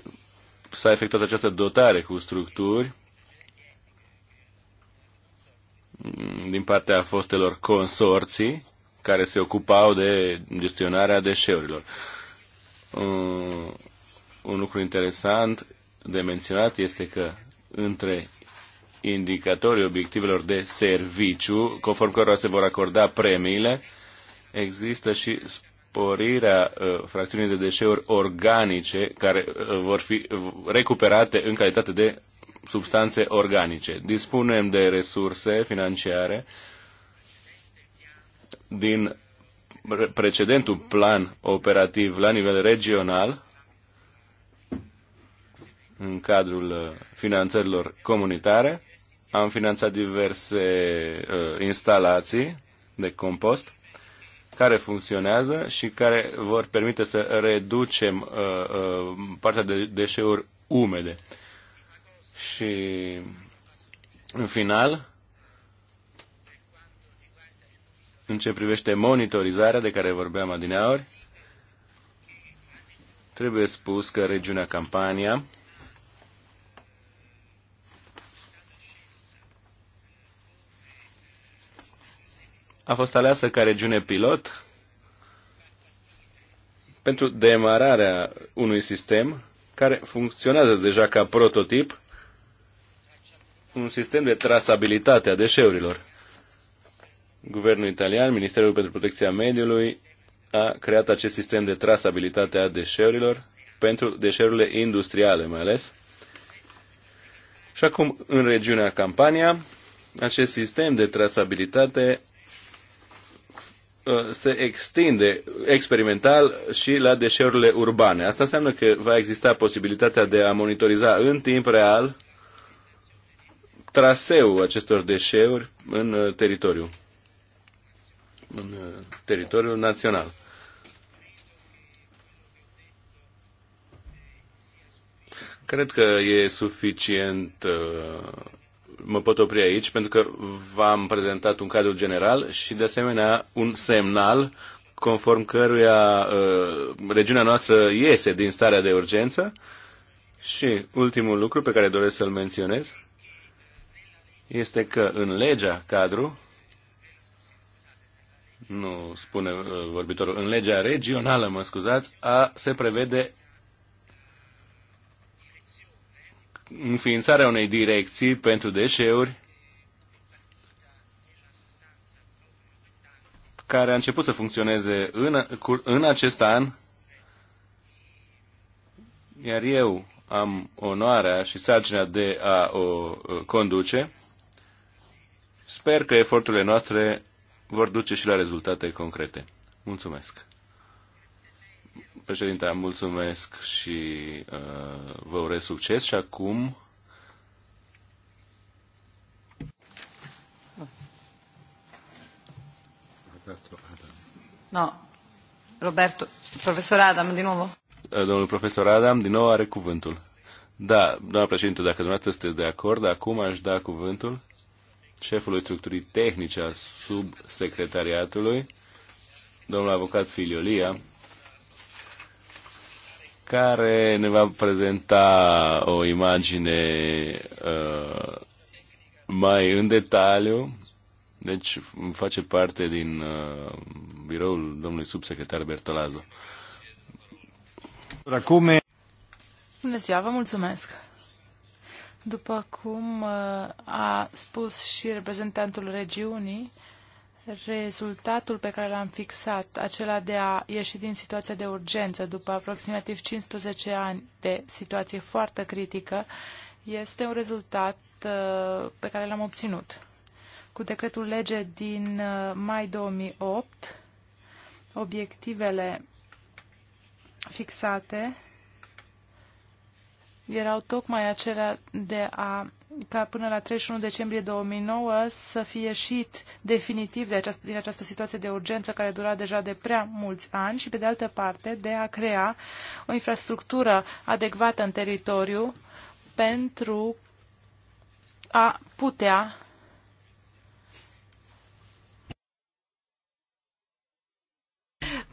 s-a efectuat această dotare cu structuri mm, din partea fostelor consorții care se ocupau de gestionarea deșeurilor. Uh, un lucru interesant de menționat este că între indicatorii obiectivelor de serviciu, conform cărora se vor acorda premiile, există și sporirea uh, fracțiunii de deșeuri organice care uh, vor fi uh, recuperate în calitate de substanțe organice. Dispunem de resurse financiare uh, din precedentul plan operativ la nivel regional în cadrul uh, finanțărilor comunitare. Am finanțat diverse uh, instalații de compost care funcționează și care vor permite să reducem uh, uh, partea de deșeuri umede. Și în final, În ce privește monitorizarea de care vorbeam adineori, trebuie spus că regiunea Campania a fost aleasă ca regiune pilot pentru demararea unui sistem care funcționează deja ca prototip, un sistem de trasabilitate a deșeurilor. Guvernul italian, Ministerul pentru Protecția Mediului, a creat acest sistem de trasabilitate a deșeurilor pentru deșeurile industriale mai ales. Și acum, în regiunea Campania, acest sistem de trasabilitate uh, se extinde experimental și la deșeurile urbane. Asta înseamnă că va exista posibilitatea de a monitoriza în timp real traseul acestor deșeuri în uh, teritoriu în uh, teritoriul național. Cred că e suficient. Uh, mă pot opri aici pentru că v-am prezentat un cadru general și de asemenea un semnal conform căruia uh, regiunea noastră iese din starea de urgență. Și ultimul lucru pe care doresc să-l menționez este că în legea cadru nu spune uh, vorbitorul, în legea regională, mă scuzați, a, se prevede înființarea unei direcții pentru deșeuri care a început să funcționeze în, în acest an, iar eu am onoarea și sarcina de a o uh, conduce. Sper că eforturile noastre vor duce și la rezultate concrete. Mulțumesc! Președinte, mulțumesc și uh, vă urez succes și acum No. Roberto, profesor Adam, din nou. Uh, domnul profesor Adam, din nou are cuvântul. Da, doamna președinte, dacă dumneavoastră este de acord, acum aș da cuvântul șefului structurii tehnice a subsecretariatului, domnul avocat Filiolia, care ne va prezenta o imagine uh, mai în detaliu. Deci face parte din uh, biroul domnului subsecretar Bertolazo. Bună ziua, vă mulțumesc! După cum uh, a spus și reprezentantul regiunii, rezultatul pe care l-am fixat, acela de a ieși din situația de urgență după aproximativ 15 ani de situație foarte critică, este un rezultat uh, pe care l-am obținut. Cu decretul lege din uh, mai 2008, obiectivele fixate erau tocmai acelea de a ca până la 31 decembrie 2009 să fie ieșit definitiv de această, din această situație de urgență care dura deja de prea mulți ani și, pe de altă parte, de a crea o infrastructură adecvată în teritoriu pentru a putea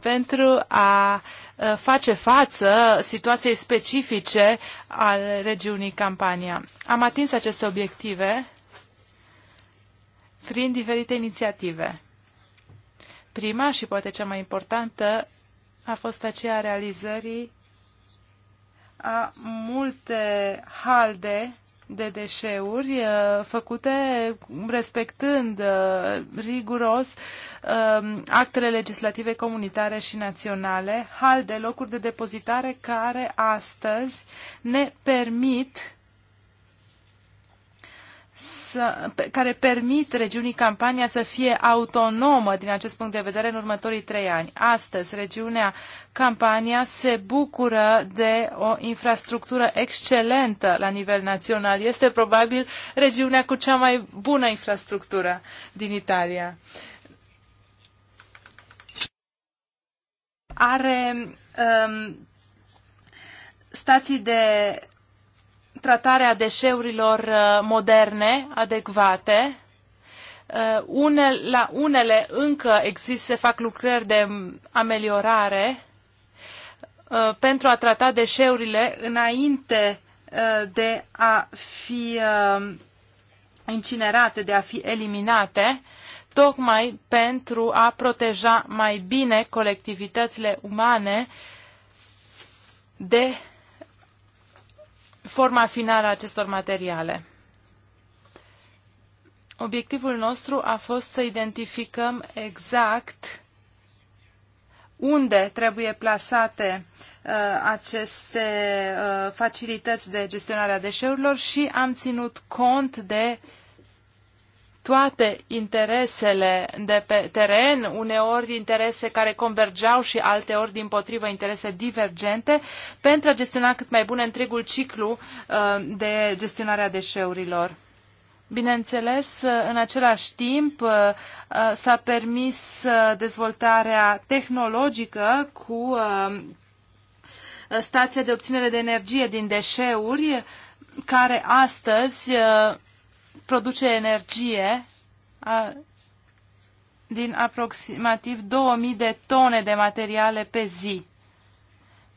pentru a Uh, face față situației specifice al regiunii Campania. Am atins aceste obiective prin diferite inițiative. Prima și poate cea mai importantă a fost aceea realizării a multe halde de deșeuri uh, făcute respectând uh, riguros um, actele legislative comunitare și naționale, hal de locuri de depozitare care astăzi ne permit să, care permit regiunii Campania să fie autonomă din acest punct de vedere în următorii trei ani. Astăzi, regiunea Campania se bucură de o infrastructură excelentă la nivel național. Este probabil regiunea cu cea mai bună infrastructură din Italia. Are um, stații de tratarea deșeurilor uh, moderne, adecvate. Uh, une, la unele încă există, se fac lucrări de ameliorare uh, pentru a trata deșeurile înainte de a fi incinerate, de a fi eliminate, tocmai pentru a proteja mai bine colectivitățile umane de forma finală a acestor materiale. Obiectivul nostru a fost să identificăm exact unde trebuie plasate uh, aceste uh, facilități de gestionare a deșeurilor și am ținut cont de uh, toate interesele de pe teren, uneori interese care convergeau și alteori din potrivă interese divergente, pentru a gestiona cât mai bun întregul ciclu uh, de gestionarea deșeurilor. Bineînțeles, uh, în același timp uh, s-a permis dezvoltarea tehnologică cu stația de obținere de energie din deșeuri, care astăzi produce energie a, din aproximativ 2000 de tone de materiale pe zi.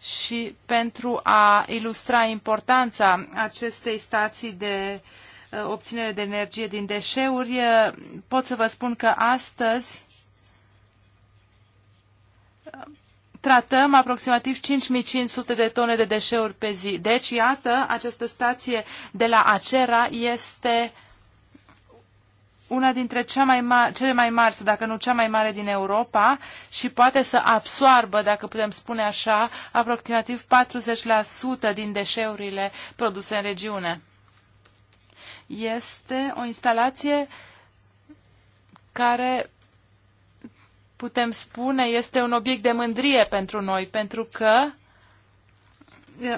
Și pentru a ilustra importanța acestei stații de uh, obținere de energie din deșeuri, uh, pot să vă spun că astăzi uh, tratăm aproximativ 5500 de tone de deșeuri pe zi. Deci, iată, această stație de la Acera este uh, una dintre cea mai cele mai mari, dacă nu cea mai mare din Europa și poate să absoarbă, dacă putem spune așa, aproximativ 40% din deșeurile produse în regiune. Este o instalație care putem spune este un obiect de mândrie pentru noi, pentru că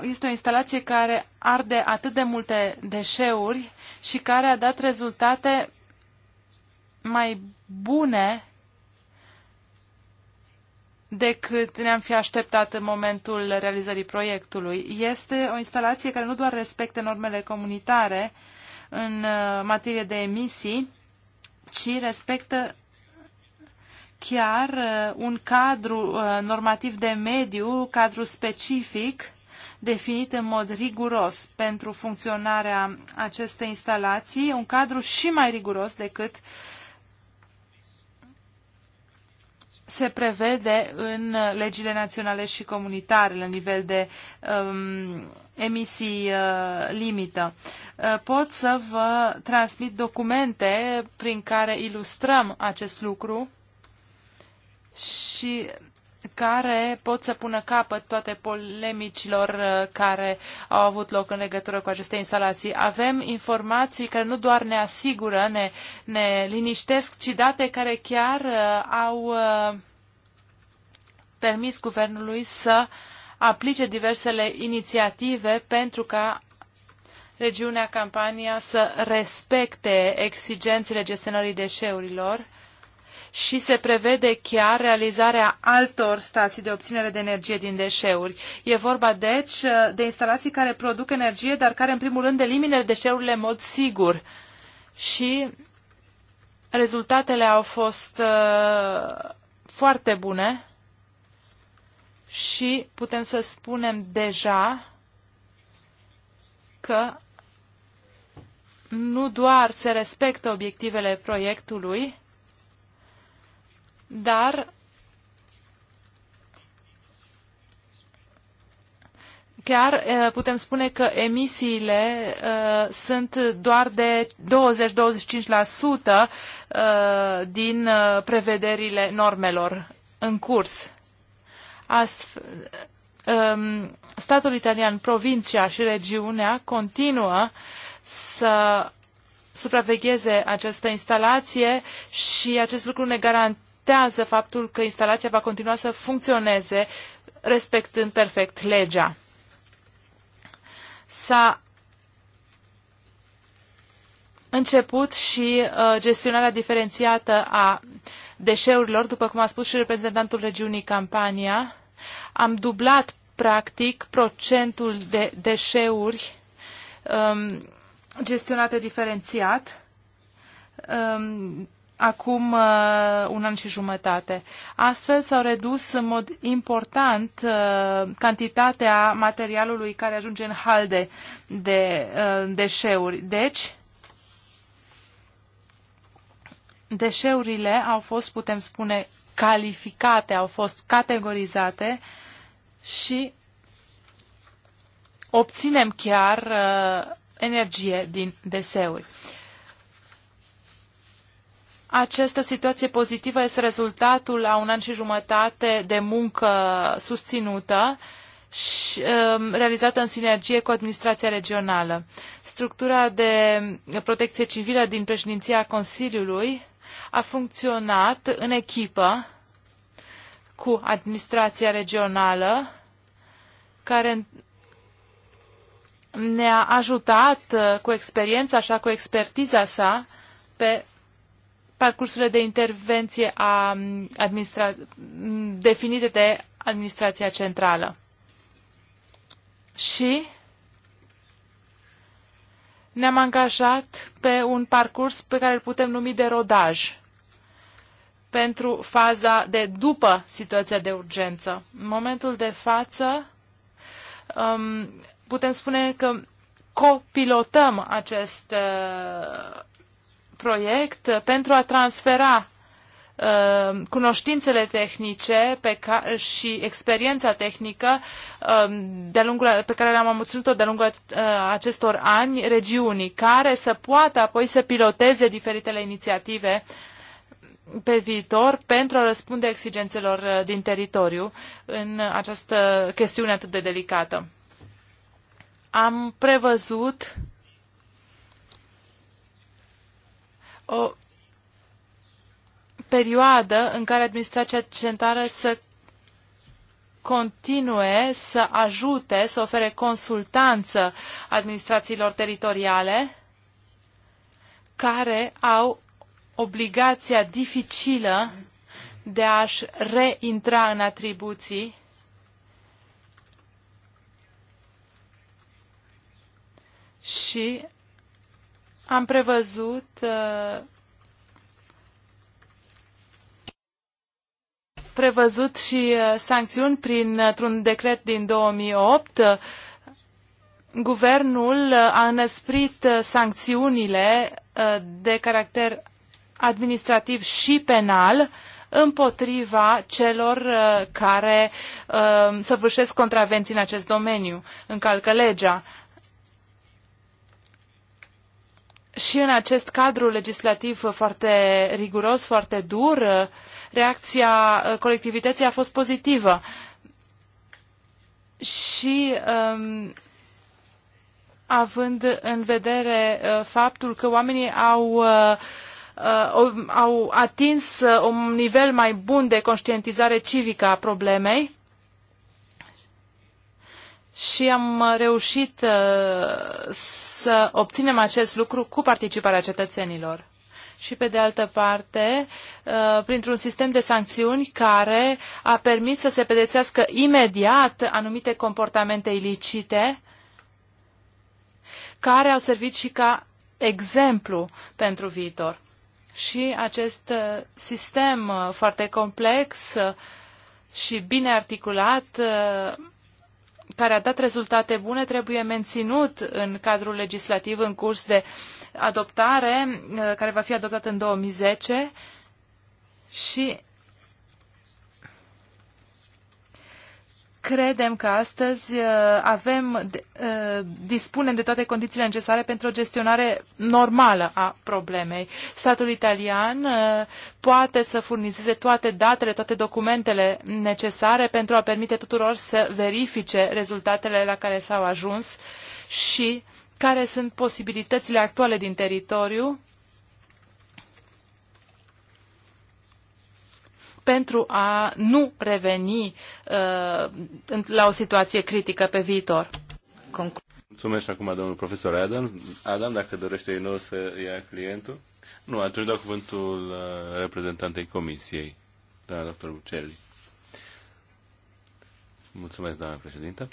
este o instalație care arde atât de multe deșeuri și care a dat rezultate mai bune decât ne-am fi așteptat în momentul realizării proiectului. Este o instalație care nu doar respectă normele comunitare în uh, materie de emisii, ci respectă chiar uh, un cadru uh, normativ de mediu, cadru specific, definit în mod riguros pentru funcționarea acestei instalații, un cadru și mai riguros decât uh, se prevede în legile naționale și comunitare la nivel de um, emisii uh, limită. Uh, pot să vă transmit documente prin care ilustrăm acest lucru și care pot să pună capăt toate polemicilor uh, care au avut loc în legătură cu aceste instalații. Avem informații care nu doar ne asigură, ne, ne liniștesc, ci date care chiar uh, au uh, permis guvernului să aplice diversele inițiative pentru ca regiunea Campania să respecte exigențele gestionării deșeurilor și se prevede chiar realizarea altor stații de obținere de energie din deșeuri. E vorba, deci, uh, de instalații care produc energie, dar care, în primul rând, elimină deșeurile în mod sigur. Și rezultatele au fost uh, foarte bune și putem să spunem deja că nu doar se respectă obiectivele proiectului, dar chiar eh, putem spune că emisiile eh, sunt doar de 20-25% eh, din prevederile normelor în curs. Astfel, ehm, statul italian, provincia și regiunea continuă să supravegheze această instalație și acest lucru ne garantează garantează faptul că instalația va continua să funcționeze respectând perfect legea. S-a început și uh, gestionarea diferențiată a deșeurilor, după cum a spus și reprezentantul regiunii Campania. Am dublat, practic, procentul de deșeuri um, gestionate diferențiat. Um, acum uh, un an și jumătate. Astfel s-au redus în mod important uh, cantitatea materialului care ajunge în halde de uh, deșeuri. Deci, deșeurile au fost, putem spune, calificate, au fost categorizate și obținem chiar uh, energie din deseuri. Această situație pozitivă este rezultatul a un an și jumătate de muncă susținută și um, realizată în sinergie cu administrația regională. Structura de protecție civilă din președinția Consiliului a funcționat în echipă cu administrația regională, care ne-a ajutat uh, cu experiența și cu expertiza sa pe parcursurile de intervenție a administra- definite de administrația centrală. Și ne-am angajat pe un parcurs pe care îl putem numi de rodaj pentru faza de după situația de urgență. În momentul de față, um, putem spune că copilotăm acest uh, proiect pentru a transfera uh, cunoștințele tehnice pe ca- și experiența tehnică um, de lungul, pe care le-am amuținut o de-a lungul uh, acestor ani regiunii, care să poată apoi să piloteze diferitele inițiative pe viitor pentru a răspunde exigențelor uh, din teritoriu în această chestiune atât de delicată. Am prevăzut o perioadă în care administrația centrală să continue să ajute, să ofere consultanță administrațiilor teritoriale care au obligația dificilă de a-și reintra în atribuții și am prevăzut uh, prevăzut și uh, sancțiuni prin un decret din 2008. Guvernul uh, a înăsprit sancțiunile de caracter administrativ și penal împotriva celor care uh, săvârșesc contravenții în acest domeniu, încalcă legea. și în acest cadru legislativ foarte riguros, foarte dur, reacția colectivității a fost pozitivă. Și um, având în vedere uh, faptul că oamenii au uh, uh, au atins uh, un nivel mai bun de conștientizare civică a problemei, și am uh, reușit uh, să obținem acest lucru cu participarea cetățenilor. Și pe de altă parte, uh, printr-un sistem de sancțiuni care a permis să se pedețească imediat anumite comportamente ilicite, care au servit și ca exemplu pentru viitor. Și acest sistem foarte complex și bine articulat care a dat rezultate bune trebuie menținut în cadrul legislativ în curs de adoptare, uh, care va fi adoptat în 2010 și credem că astăzi uh, avem, uh, dispunem de toate condițiile necesare pentru o gestionare normală a problemei. Statul italian uh, poate să furnizeze toate datele, toate documentele necesare pentru a permite tuturor să verifice rezultatele la care s-au ajuns și care sunt posibilitățile actuale din teritoriu pentru a nu reveni uh, la o situație critică pe viitor. Conclu- Mulțumesc acum, domnul profesor Adam. Adam, dacă dorește din nou să ia clientul. Nu, atunci dau cuvântul uh, reprezentantei comisiei, doamna doctor Bucelli. Mulțumesc, doamna președintă.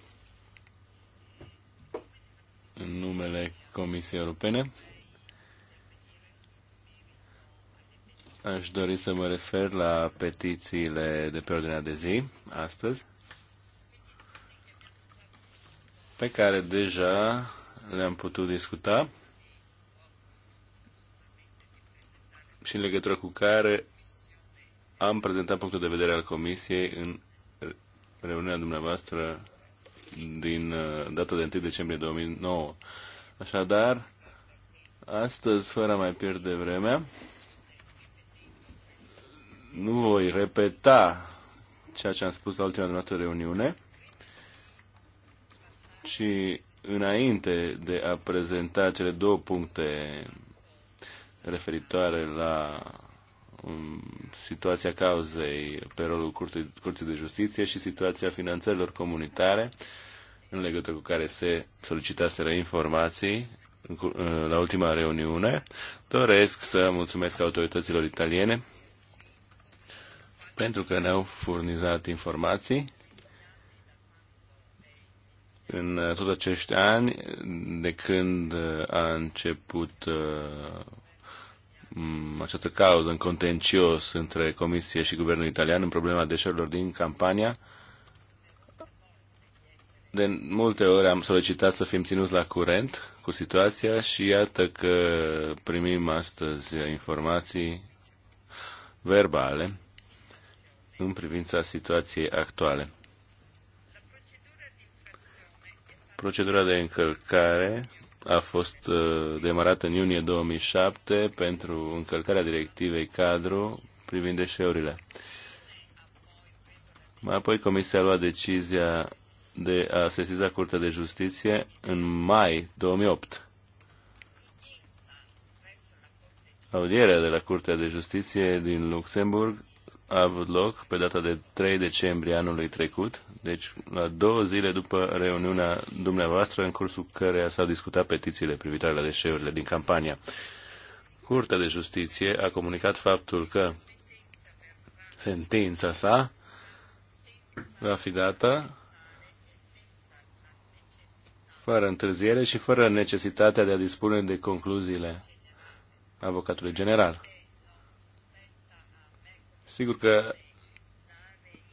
În numele Comisiei Europene, Aș dori să mă refer la petițiile de pe ordinea de zi astăzi, pe care deja le-am putut discuta și în legătură cu care am prezentat punctul de vedere al Comisiei în reuniunea dumneavoastră din uh, data de 1 decembrie 2009. Așadar, astăzi, fără a mai pierde vremea, nu voi repeta ceea ce am spus la ultima noastră reuniune, ci înainte de a prezenta cele două puncte referitoare la um, situația cauzei pe rolul Curții, Curții de Justiție și situația finanțărilor comunitare, în legătură cu care se solicitaseră informații uh, la ultima reuniune. Doresc să mulțumesc autorităților italiene pentru că ne-au furnizat informații în uh, tot acești ani de când uh, a început uh, această cauză în contencios între Comisie și Guvernul Italian în problema deșeurilor din Campania. De multe ori am solicitat să fim ținuți la curent cu situația și iată că primim astăzi informații verbale în privința situației actuale. Procedura de încălcare a fost uh, demarată în iunie 2007 pentru încălcarea directivei cadru privind deșeurile. Mai apoi Comisia a luat decizia de a sesiza Curtea de Justiție în mai 2008. Audierea de la Curtea de Justiție din Luxemburg a avut loc pe data de 3 decembrie anului trecut, deci la două zile după reuniunea dumneavoastră în cursul căreia s-au discutat petițiile privitoare la deșeurile din campania. Curtea de Justiție a comunicat faptul că sentința sa va fi dată fără întârziere și fără necesitatea de a dispune de concluziile avocatului general. Sigur că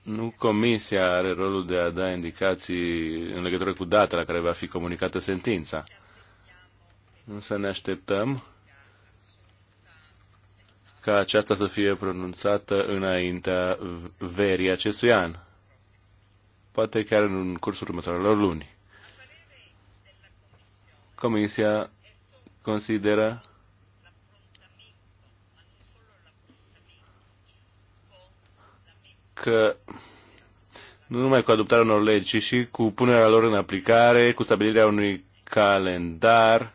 nu comisia are rolul de a da indicații în legătură cu data la care va fi comunicată sentința. Însă ne așteptăm ca aceasta să fie pronunțată înaintea verii acestui an. Poate chiar în cursul următoarelor luni. Comisia consideră că nu numai cu adoptarea unor legi, ci și cu punerea lor în aplicare, cu stabilirea unui calendar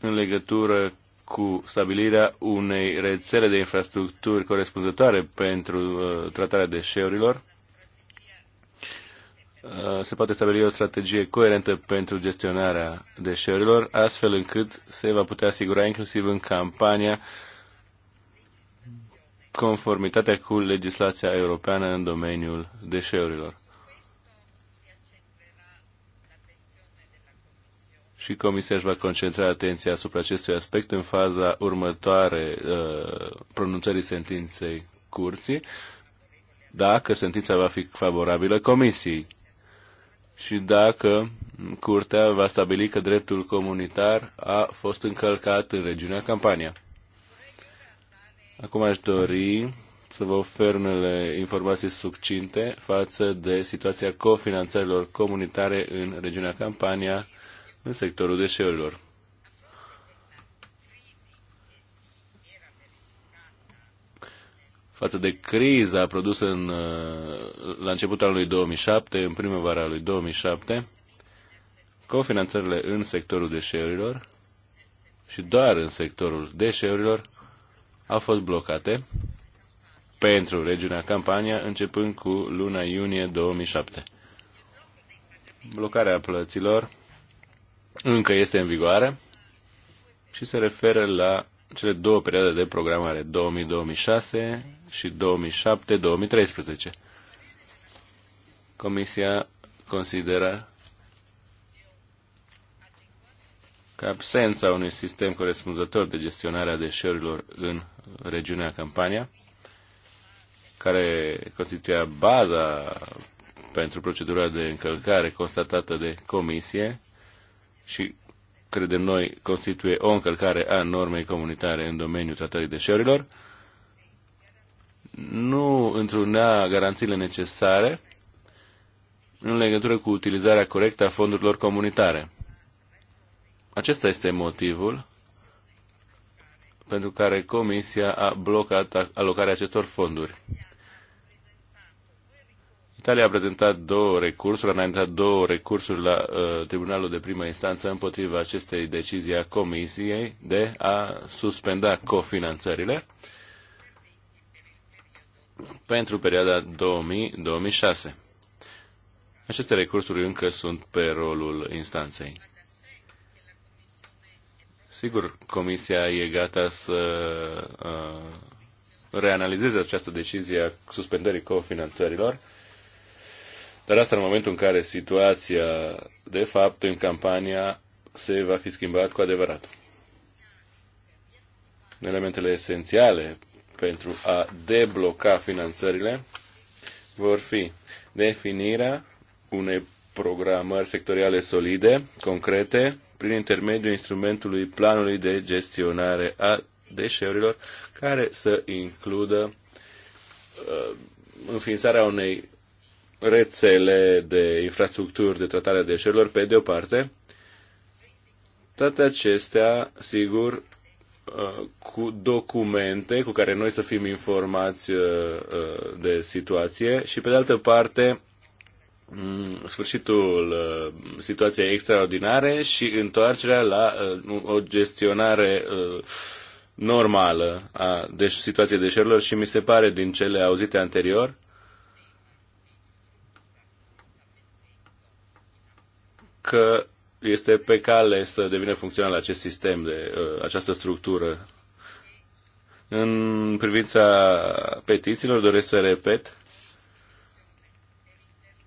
în legătură cu stabilirea unei rețele de infrastructuri corespunzătoare pentru uh, tratarea deșeurilor. Uh, se poate stabili o strategie coerentă pentru gestionarea deșeurilor, astfel încât se va putea asigura inclusiv în campania uh, conformitatea cu legislația europeană în domeniul deșeurilor. Și Comisia își va concentra atenția asupra acestui aspect în faza următoare uh, pronunțării sentinței curții, dacă sentința va fi favorabilă Comisiei și dacă curtea va stabili că dreptul comunitar a fost încălcat în regiunea Campania. Acum aș dori să vă ofer unele informații succinte față de situația cofinanțărilor comunitare în regiunea Campania, în sectorul deșeurilor. Față de criza produsă în, la începutul anului 2007, în primăvara lui 2007, cofinanțările în sectorul deșeurilor și doar în sectorul deșeurilor au fost blocate pentru regiunea Campania începând cu luna iunie 2007. Blocarea plăților încă este în vigoare și se referă la cele două perioade de programare, 2000-2006 și 2007-2013. Comisia consideră că absența unui sistem corespunzător de gestionare a deșeurilor în regiunea Campania, care constituia baza pentru procedura de încălcare constatată de comisie și, credem noi, constituie o încălcare a normei comunitare în domeniul tratării deșeurilor, nu întrunea garanțiile necesare în legătură cu utilizarea corectă a fondurilor comunitare. Acesta este motivul pentru care Comisia a blocat alocarea acestor fonduri. Italia a prezentat două recursuri, a înaintat două recursuri la uh, Tribunalul de Primă Instanță împotriva acestei decizii a Comisiei de a suspenda cofinanțările pentru perioada 2000-2006. Aceste recursuri încă sunt pe rolul instanței. Sigur, Comisia e gata să reanalizeze această decizie a suspendării cofinanțărilor, dar asta în momentul în care situația, de fapt, în campania se va fi schimbat cu adevărat. Elementele esențiale pentru a debloca finanțările vor fi definirea unei programări sectoriale solide, concrete, prin intermediul instrumentului planului de gestionare a deșeurilor, care să includă uh, înființarea unei rețele de infrastructuri de tratare a deșeurilor, pe de o parte. Toate acestea, sigur, uh, cu documente cu care noi să fim informați uh, uh, de situație și, pe de altă parte, Mm, sfârșitul uh, situației extraordinare și întoarcerea la uh, o gestionare uh, normală a de- situației deșeurilor și mi se pare din cele auzite anterior că este pe cale să devină funcțional acest sistem, de această structură. În privința petițiilor doresc să repet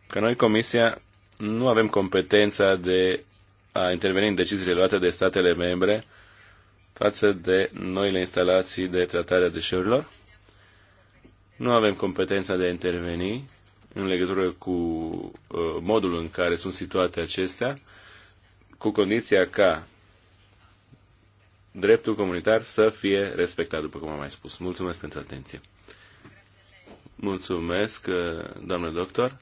că noi, Comisia, nu avem competența de a interveni în deciziile luate de statele membre față de noile instalații de tratare a deșeurilor. Nu avem competența de a interveni în legătură cu uh, modul în care sunt situate acestea, cu condiția ca dreptul comunitar să fie respectat, după cum am mai spus. Mulțumesc pentru atenție. Mulțumesc, uh, doamnă doctor.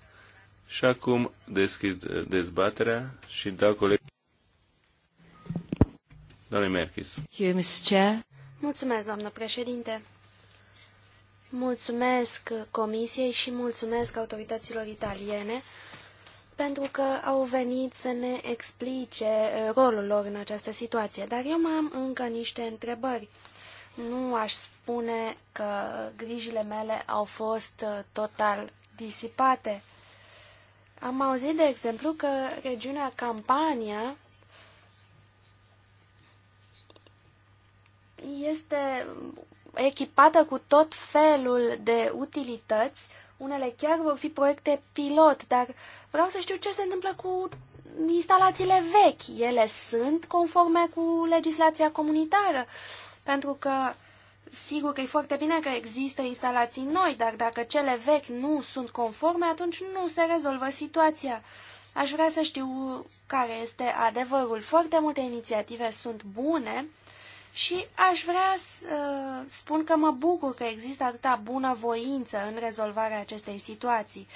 Și acum deschid eh, dezbaterea și dau coleg. Doamne Merkis. Mulțumesc, doamnă președinte. Mulțumesc comisiei și mulțumesc autorităților italiene pentru că au venit să ne explice eh, rolul lor în această situație. Dar eu mai am încă niște întrebări. Nu aș spune că grijile mele au fost eh, total disipate. Am auzit, de exemplu, că regiunea Campania este echipată cu tot felul de utilități. Unele chiar vor fi proiecte pilot, dar vreau să știu ce se întâmplă cu instalațiile vechi. Ele sunt conforme cu legislația comunitară, pentru că Sigur că e foarte bine că există instalații noi, dar dacă cele vechi nu sunt conforme, atunci nu se rezolvă situația. Aș vrea să știu care este adevărul. Foarte multe inițiative sunt bune și aș vrea să spun că mă bucur că există atâta bună voință în rezolvarea acestei situații.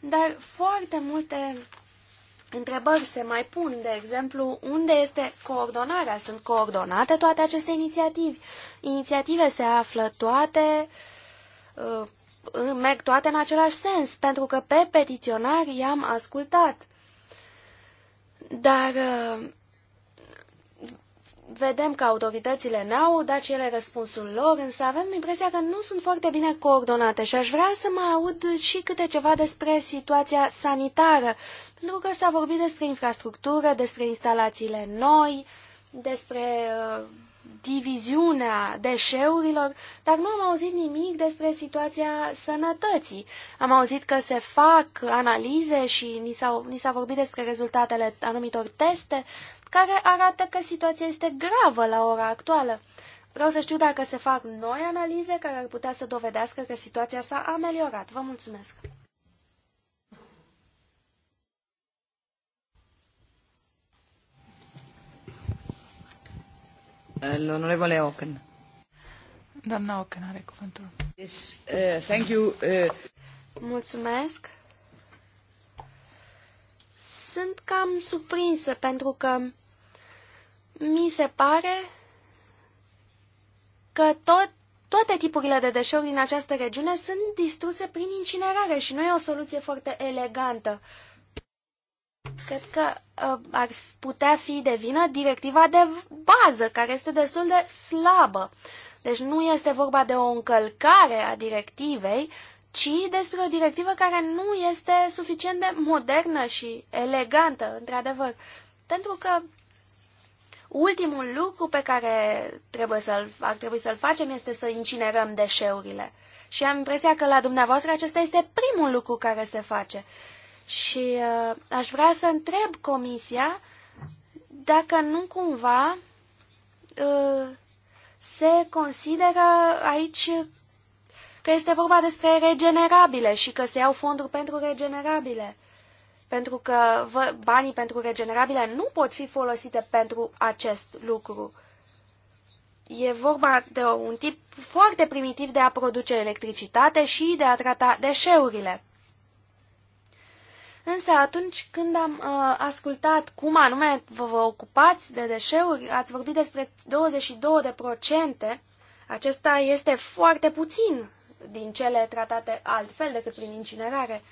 Dar foarte multe Întrebări se mai pun, de exemplu, unde este coordonarea? Sunt coordonate toate aceste inițiative? Inițiative se află toate, uh, merg toate în același sens, pentru că pe petiționari i-am ascultat. Dar uh, vedem că autoritățile n-au dat cele răspunsul lor, însă avem impresia că nu sunt foarte bine coordonate și aș vrea să mă aud și câte ceva despre situația sanitară pentru că s-a vorbit despre infrastructură, despre instalațiile noi, despre uh, diviziunea deșeurilor, dar nu am auzit nimic despre situația sănătății. Am auzit că se fac analize și ni s-a vorbit despre rezultatele anumitor teste care arată că situația este gravă la ora actuală. Vreau să știu dacă se fac noi analize care ar putea să dovedească că situația s-a ameliorat. Vă mulțumesc! Doamna Ocken are cuvântul. Yes, uh, thank you. Uh... Mulțumesc. Sunt cam surprinsă pentru că mi se pare că tot, toate tipurile de deșeuri din această regiune sunt distruse prin incinerare și nu e o soluție foarte elegantă. Uh, Cred că uh, ar putea fi de vină directiva de bază, care este destul de slabă. Deci nu este vorba de o încălcare a directivei, ci despre o directivă care nu este suficient de modernă și elegantă, într-adevăr. Pentru că ultimul lucru pe care trebuie să ar trebui să-l facem este să incinerăm deșeurile. Și am impresia că la dumneavoastră acesta este primul lucru care se face. Și uh, aș vrea să întreb comisia dacă nu cumva uh, se consideră aici că este vorba despre regenerabile și că se iau fonduri pentru regenerabile. Pentru că vă, banii pentru regenerabile nu pot fi folosite pentru acest lucru. E vorba de un tip foarte primitiv de a produce electricitate și de a trata deșeurile. Însă atunci când am uh, ascultat cum anume vă, vă ocupați de deșeuri, ați vorbit despre 22%. de procente. Acesta este foarte puțin din cele tratate altfel decât prin incinerare.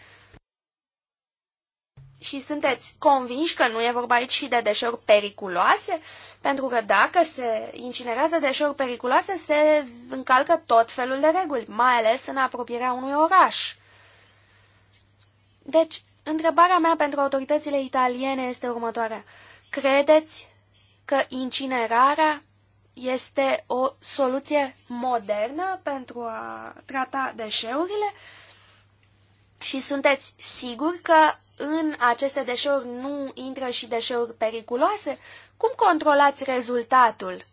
Și sunteți convinși că nu e vorba aici și de deșeuri periculoase? Pentru că dacă se incinerează deșeuri periculoase, se încalcă tot felul de reguli, mai ales în apropierea unui oraș. Deci, Întrebarea mea pentru autoritățile italiene este următoarea. Credeți că incinerarea este o soluție modernă pentru a trata deșeurile? Și sunteți siguri că în aceste deșeuri nu intră și deșeuri periculoase? Cum controlați rezultatul?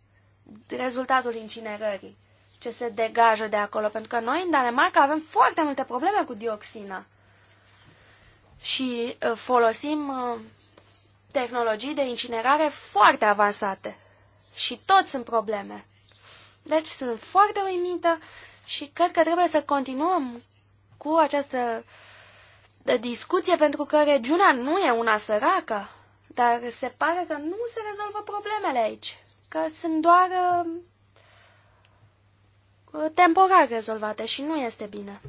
Rezultatul incinerării ce se degajă de acolo, pentru că noi în Danemarca avem foarte multe probleme cu dioxina și uh, folosim uh, tehnologii de incinerare foarte avansate. Și toți sunt probleme. Deci sunt foarte uimită și cred că trebuie să continuăm cu această discuție pentru că regiunea nu e una săracă, dar se pare că nu se rezolvă problemele aici, că sunt doar uh, temporar rezolvate și nu este bine.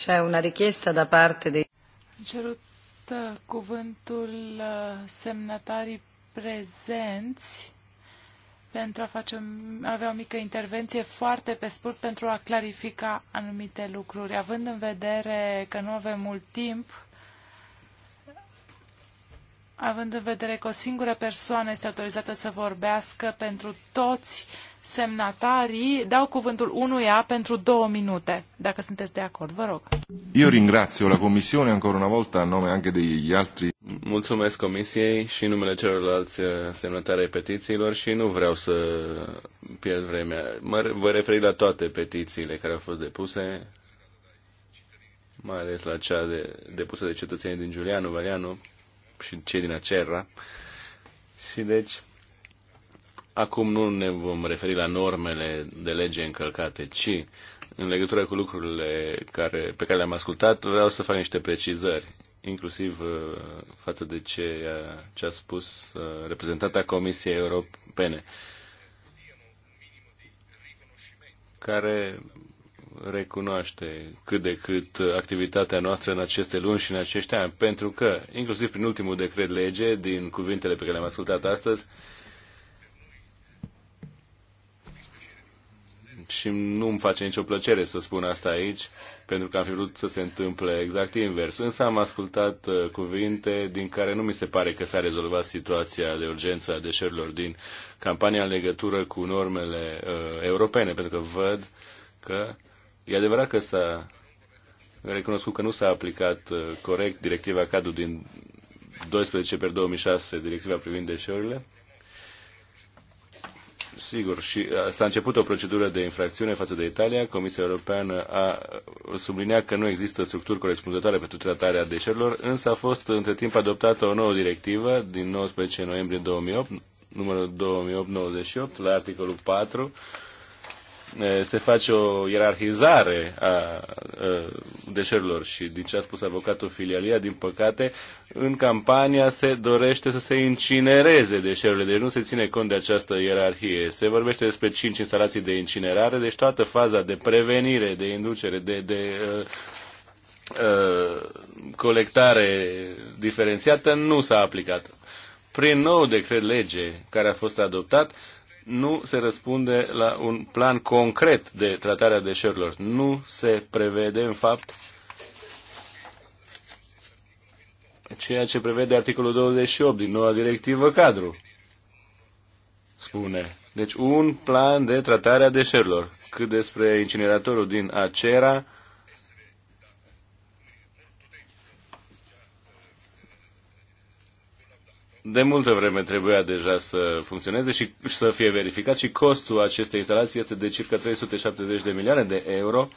C'è una richiesta da parte dei... Am cerut uh, cuvântul uh, semnatarii prezenți pentru a face, avea o mică intervenție foarte pe scurt pentru a clarifica anumite lucruri. Având în vedere că nu avem mult timp, având în vedere că o singură persoană este autorizată să vorbească pentru toți uh, semnatarii dau cuvântul unuia pentru două minute, dacă sunteți de acord. Vă rog. Eu ringrazio la Comisiune, ancora una volta a nome anche degli altri. Mulțumesc Comisiei și în numele celorlalți eh, semnatari ai petițiilor și nu vreau să pierd vremea. Mă voi referi la toate petițiile care au fost depuse, mai ales la cea de, depusă de cetățenii din Giuliano, Valiano și cei din Acerra. Și deci Acum nu ne vom referi la normele de lege încălcate, ci în legătură cu lucrurile care, pe care le-am ascultat, vreau să fac niște precizări, inclusiv uh, față de ce, ce a spus uh, reprezentanta Comisiei Europene, care recunoaște cât de cât activitatea noastră în aceste luni și în acești ani, pentru că, inclusiv prin ultimul decret lege, din cuvintele pe care le-am ascultat astăzi, uh, și nu îmi face nicio plăcere să spun asta aici, pentru că am fi vrut să se întâmple exact invers. Însă am ascultat uh, cuvinte din care nu mi se pare că s-a rezolvat situația de urgență a deșeurilor din campania în legătură cu normele uh, europene, pentru că văd că e adevărat că s-a recunoscut că nu s-a aplicat uh, corect directiva cadru din 12 pe 2006, directiva privind deșeurile, Sigur, și uh, s-a început o procedură de infracțiune față de Italia. Comisia Europeană a subliniat că nu există structuri corespunzătoare pentru tratarea deșeurilor, însă a fost între timp adoptată o nouă directivă din 19 noiembrie 2008, numărul 2898, la articolul 4, se face o ierarhizare a deșeurilor și din ce a spus avocatul Filialia, din păcate, în campania se dorește să se incinereze deșeurile, deci nu se ține cont de această ierarhie. Se vorbește despre cinci instalații de incinerare, deci toată faza de prevenire, de inducere, de, de uh, uh, colectare diferențiată nu s-a aplicat. Prin nou decret lege care a fost adoptat, nu se răspunde la un plan concret de tratare a deșeurilor. Nu se prevede, în fapt, ceea ce prevede articolul 28 din noua directivă cadru. Spune. Deci un plan de tratare a deșeurilor. Cât despre incineratorul din Acera, de multă vreme trebuia deja să funcționeze și să fie verificat și costul acestei instalații este de circa 370 de milioane de euro.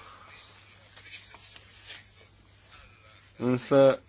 Însă